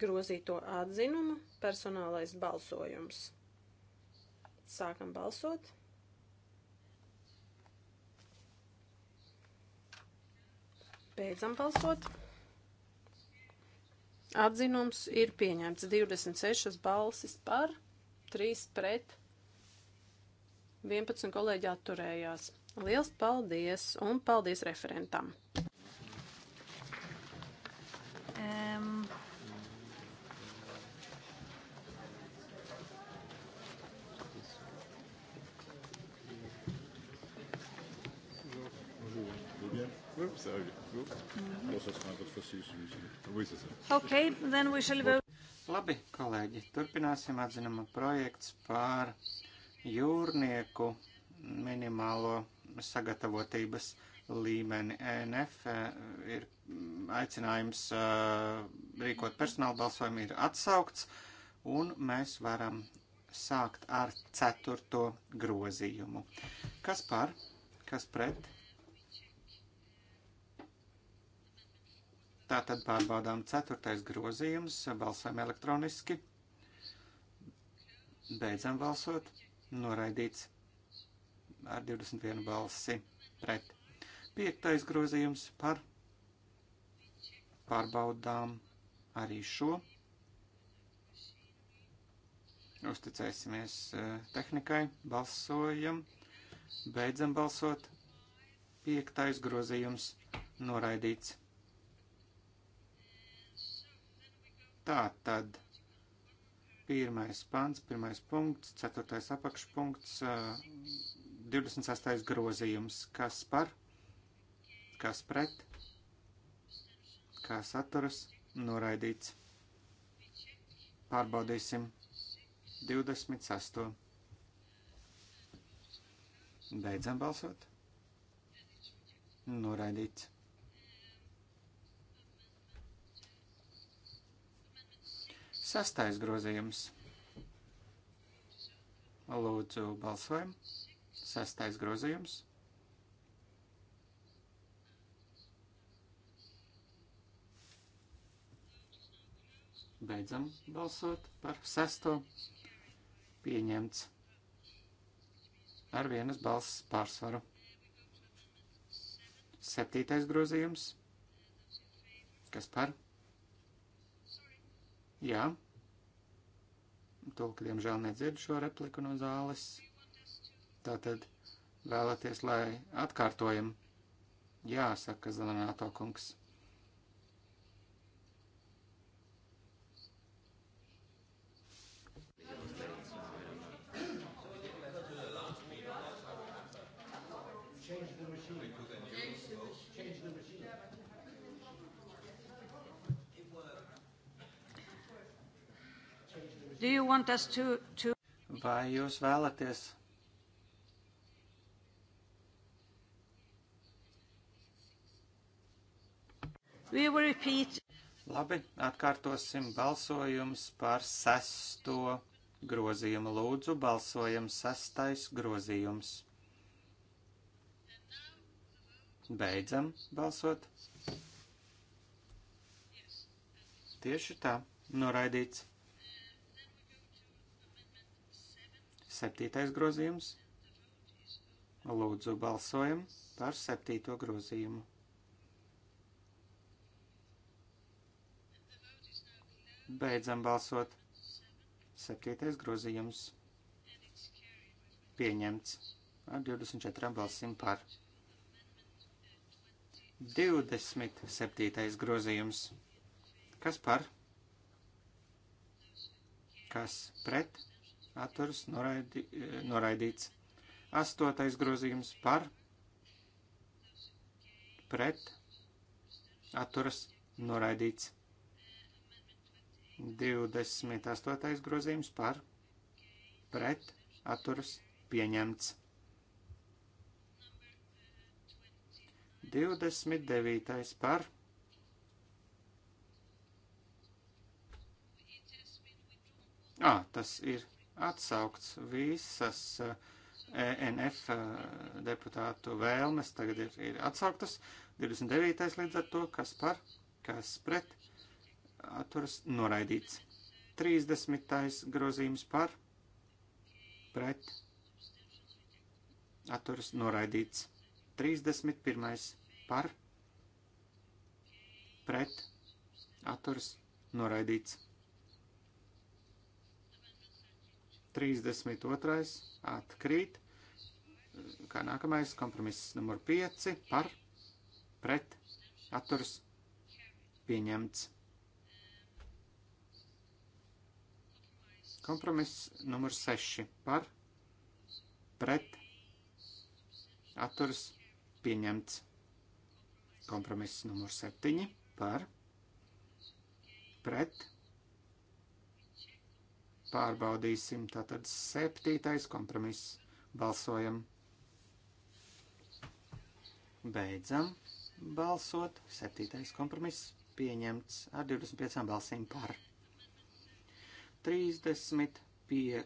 grozīto atzinumu personālais balsojums. Sākam balsot. Beidzam balsot. Atzinums ir pieņemts 26 balsis par, 3 pret, 11 kolēģi atturējās. Liels paldies un paldies referentam! Mhm. Nu, okay, then we shall vote. Labi, kolēģi, turpināsim atzinuma projekts par jūrnieku minimālo sagatavotības līmeni. E NF e, ir aicinājums e, rīkot personāla balsojumu ir atsaukts, un mēs varam sākt ar ceturto grozījumu. Kas par, kas pret, Tātad pārbaudām ceturtais grozījums, balsojam elektroniski. Beidzam balsot. Noraidīts ar 21 balsi pret. Piektais grozījums par pārbaudām arī šo. Uzticēsimies e, tehnikai, balsojam, beidzam balsot. Piektais grozījums noraidīts Tā tad pirmais pants, pirmais punkts, ceturtais apakšpunkts, 26. grozījums, kas par, kas pret, kas atturas, noraidīts. Pārbaudīsim 26. Beidzam balsot. Noraidīts. Sastais grozījums. Lūdzu, balsojam. Sastais grozījums. Beidzam balsot par sesto. Pieņemts ar vienas balss pārsvaru. Septītais grozījums. Kas par? Jā. Tulki, diemžēl, nedzird šo repliku no zāles. Tātad vēlaties, lai atkārtojam. Jā, saka Zelenāto kungs. To, to... Vai jūs vēlaties? Labi, atkārtosim balsojums par sesto grozījumu. Lūdzu, balsojam sestais grozījums. Beidzam balsot. Tieši tā, noraidīts. Septītais grozījums. Lūdzu, balsojam par septīto grozījumu. Beidzam balsot. Septītais grozījums pieņemts ar 24 balsīm par. 27. grozījums. Kas par? Kas pret? atturas noraidi, noraidīts. Astotais grozījums par, pret, atturas noraidīts. 28. grozījums par, pret, atturas pieņemts. 29. par, Ā, tas ir atsaukts visas ENF eh, e eh, deputātu vēlmes tagad ir, ir atsauktas. 29. līdz ar to, kas par, kas pret, atturas noraidīts. 30. grozījums par, pret, atturas noraidīts. 31. par, pret, atturas noraidīts. 32. atkrīt. Kā nākamais kompromiss numur 5 par pret atturs pieņemts. Kompromiss numur 6 par pret atturs pieņemts. Kompromiss numur 7 par pret atturs pieņemts Pārbaudīsim. Tātad septītais kompromiss. Balsojam. Beidzam balsot. Septītais kompromiss pieņemts ar 25 balsīm par. 35.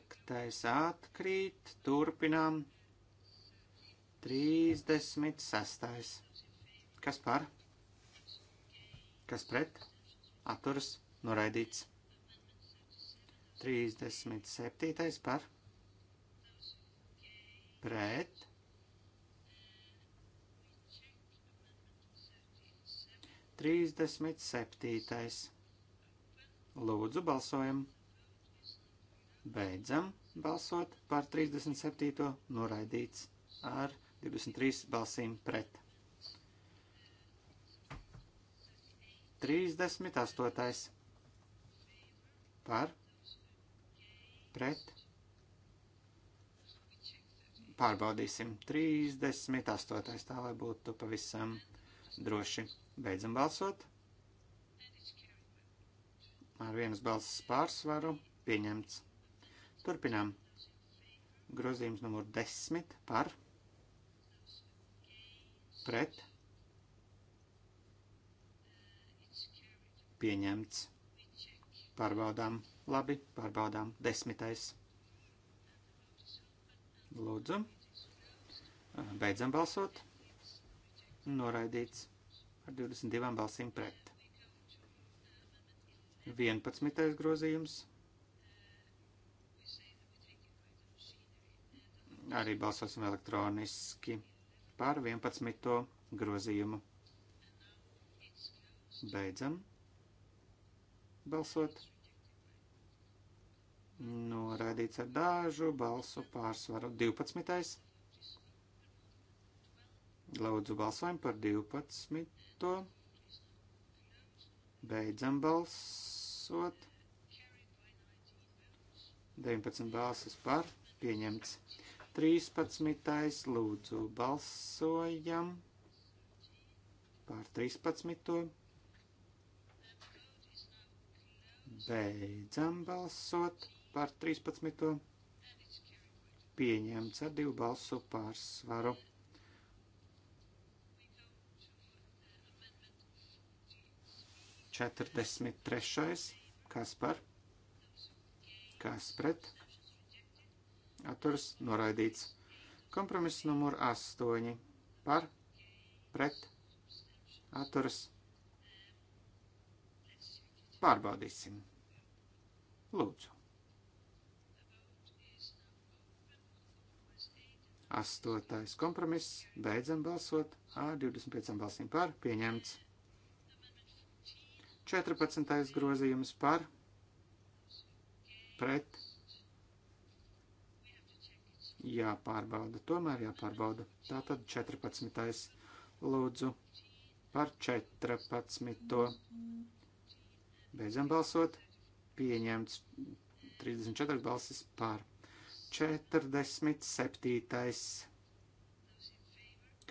atkrīt. Turpinām. 36. Kas par? Kas pret? Atturas noraidīts. 37. par pret. Trīsdesmit septītais. Lūdzu, balsojam. Beidzam balsot par 37. noraidīts ar 23 balsīm pret. 38. par pret. Pārbaudīsim 38. tā, lai būtu pavisam droši. Beidzam balsot. Ar vienas balsas pārsvaru pieņemts. Turpinām. Grozījums numur 10 par pret pieņemts. Pārbaudām 38. Labi, pārbaudām. Desmitais. Lūdzu. Beidzam balsot. Noraidīts ar 22 balsīm pret. 11. grozījums. Arī balsosim elektroniski par 11. grozījumu. Beidzam balsot Noraidīts ar dažu balsu pārsvaru. 12. Lūdzu balsojumu par 12. Beidzam balsot. 19 balsis par. Pieņemts. 13. Lūdzu balsojam par 13. Beidzam balsot par 13. pieņemts ar divu balsu pārsvaru. Četrdesmit trešais, kas par, kas pret, atturs noraidīts. Kompromiss numur astoņi, par, pret, atturs pārbaudīsim. Lūdzu. Astotais kompromiss. Beidzam balsot ar 25 balsīm par. Pieņemts. 14. grozījums par. Pret. Jāpārbauda. Tomēr jāpārbauda. Tātad 14. lūdzu par 14. Beidzam balsot. Pieņemts 34 balsis par. 47.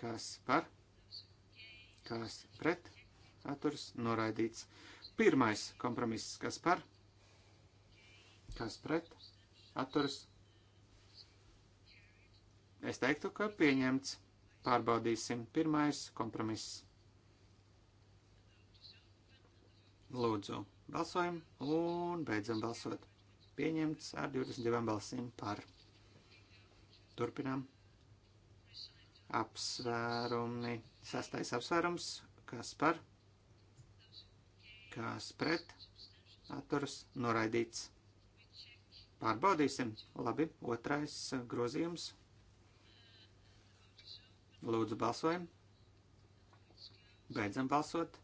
Kas par? Kas pret? Atturs noraidīts. Pirmais kompromiss. Kas par? Kas pret? Atturs. Es teiktu, ka pieņemts. Pārbaudīsim. Pirmais kompromiss. Lūdzu, balsojam un beidzam balsot. Pieņemts ar 22 balsīm par. Turpinām. Apsvērumi. Sastais apsvērums. Kas par? Kas pret? Atturas noraidīts. Pārbaudīsim. Labi. Otrais grozījums. Lūdzu balsojam. Beidzam balsot.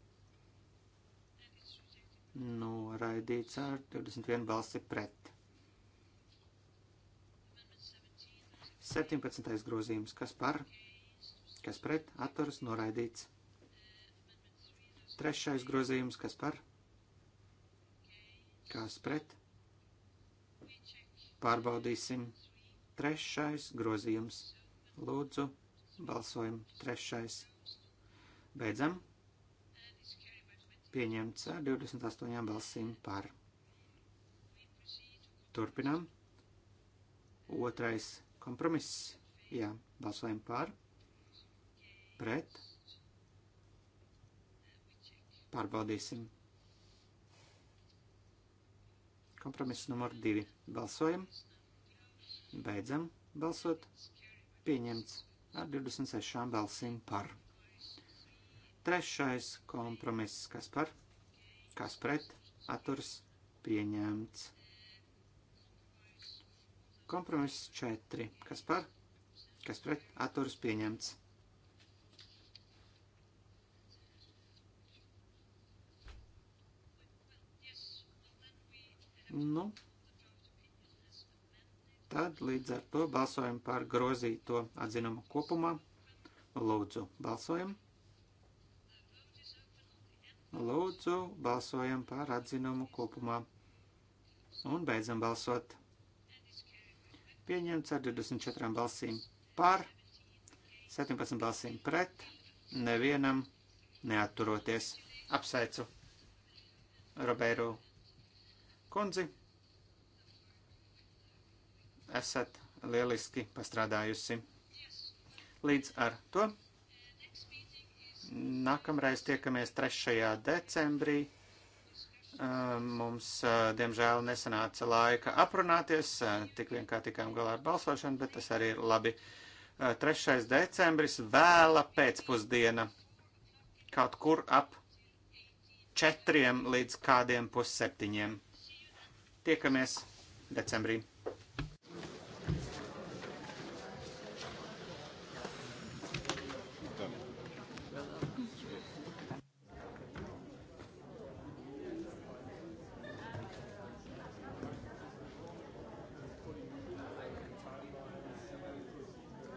Noraidīts ar 21 balsi pret. 17. grozījums, kas par, kas pret, atturas noraidīts. Trešais grozījums, kas par, kas pret, pārbaudīsim. Trešais grozījums, lūdzu, balsojam, trešais. Beidzam. Pieņemts ar 28 balsīm par. Turpinām. Otrais Kompromiss. Jā, balsojam par. Pret. Pārbaudīsim. Kompromiss numur divi. Balsojam. Beidzam balsot. Pieņemts ar 26 balsīm par. Trešais kompromiss, kas par, kas pret, aturs pieņemts. Kompromiss 4. Kas par? Kas pret? Atturas pieņemts. Nu, tad līdz ar to balsojam par grozīto atzinumu kopumā. Lūdzu, balsojam. Lūdzu, balsojam par atzinumu kopumā. Un beidzam balsot. Pieņemts ar 24 balsīm par, 17 balsīm pret, nevienam neatturoties. Apsveicu Roberu kundzi. Esat lieliski pastrādājusi. Līdz ar to nākamreiz tiekamies 3. decembrī. Mums, diemžēl, nesanāca laika aprunāties, tik vienkārši tikām galā ar balsošanu, bet tas arī ir labi. 3. decembris vēla pēcpusdiena kaut kur ap četriem līdz kādiem pusseptiņiem. Tiekamies decembrī!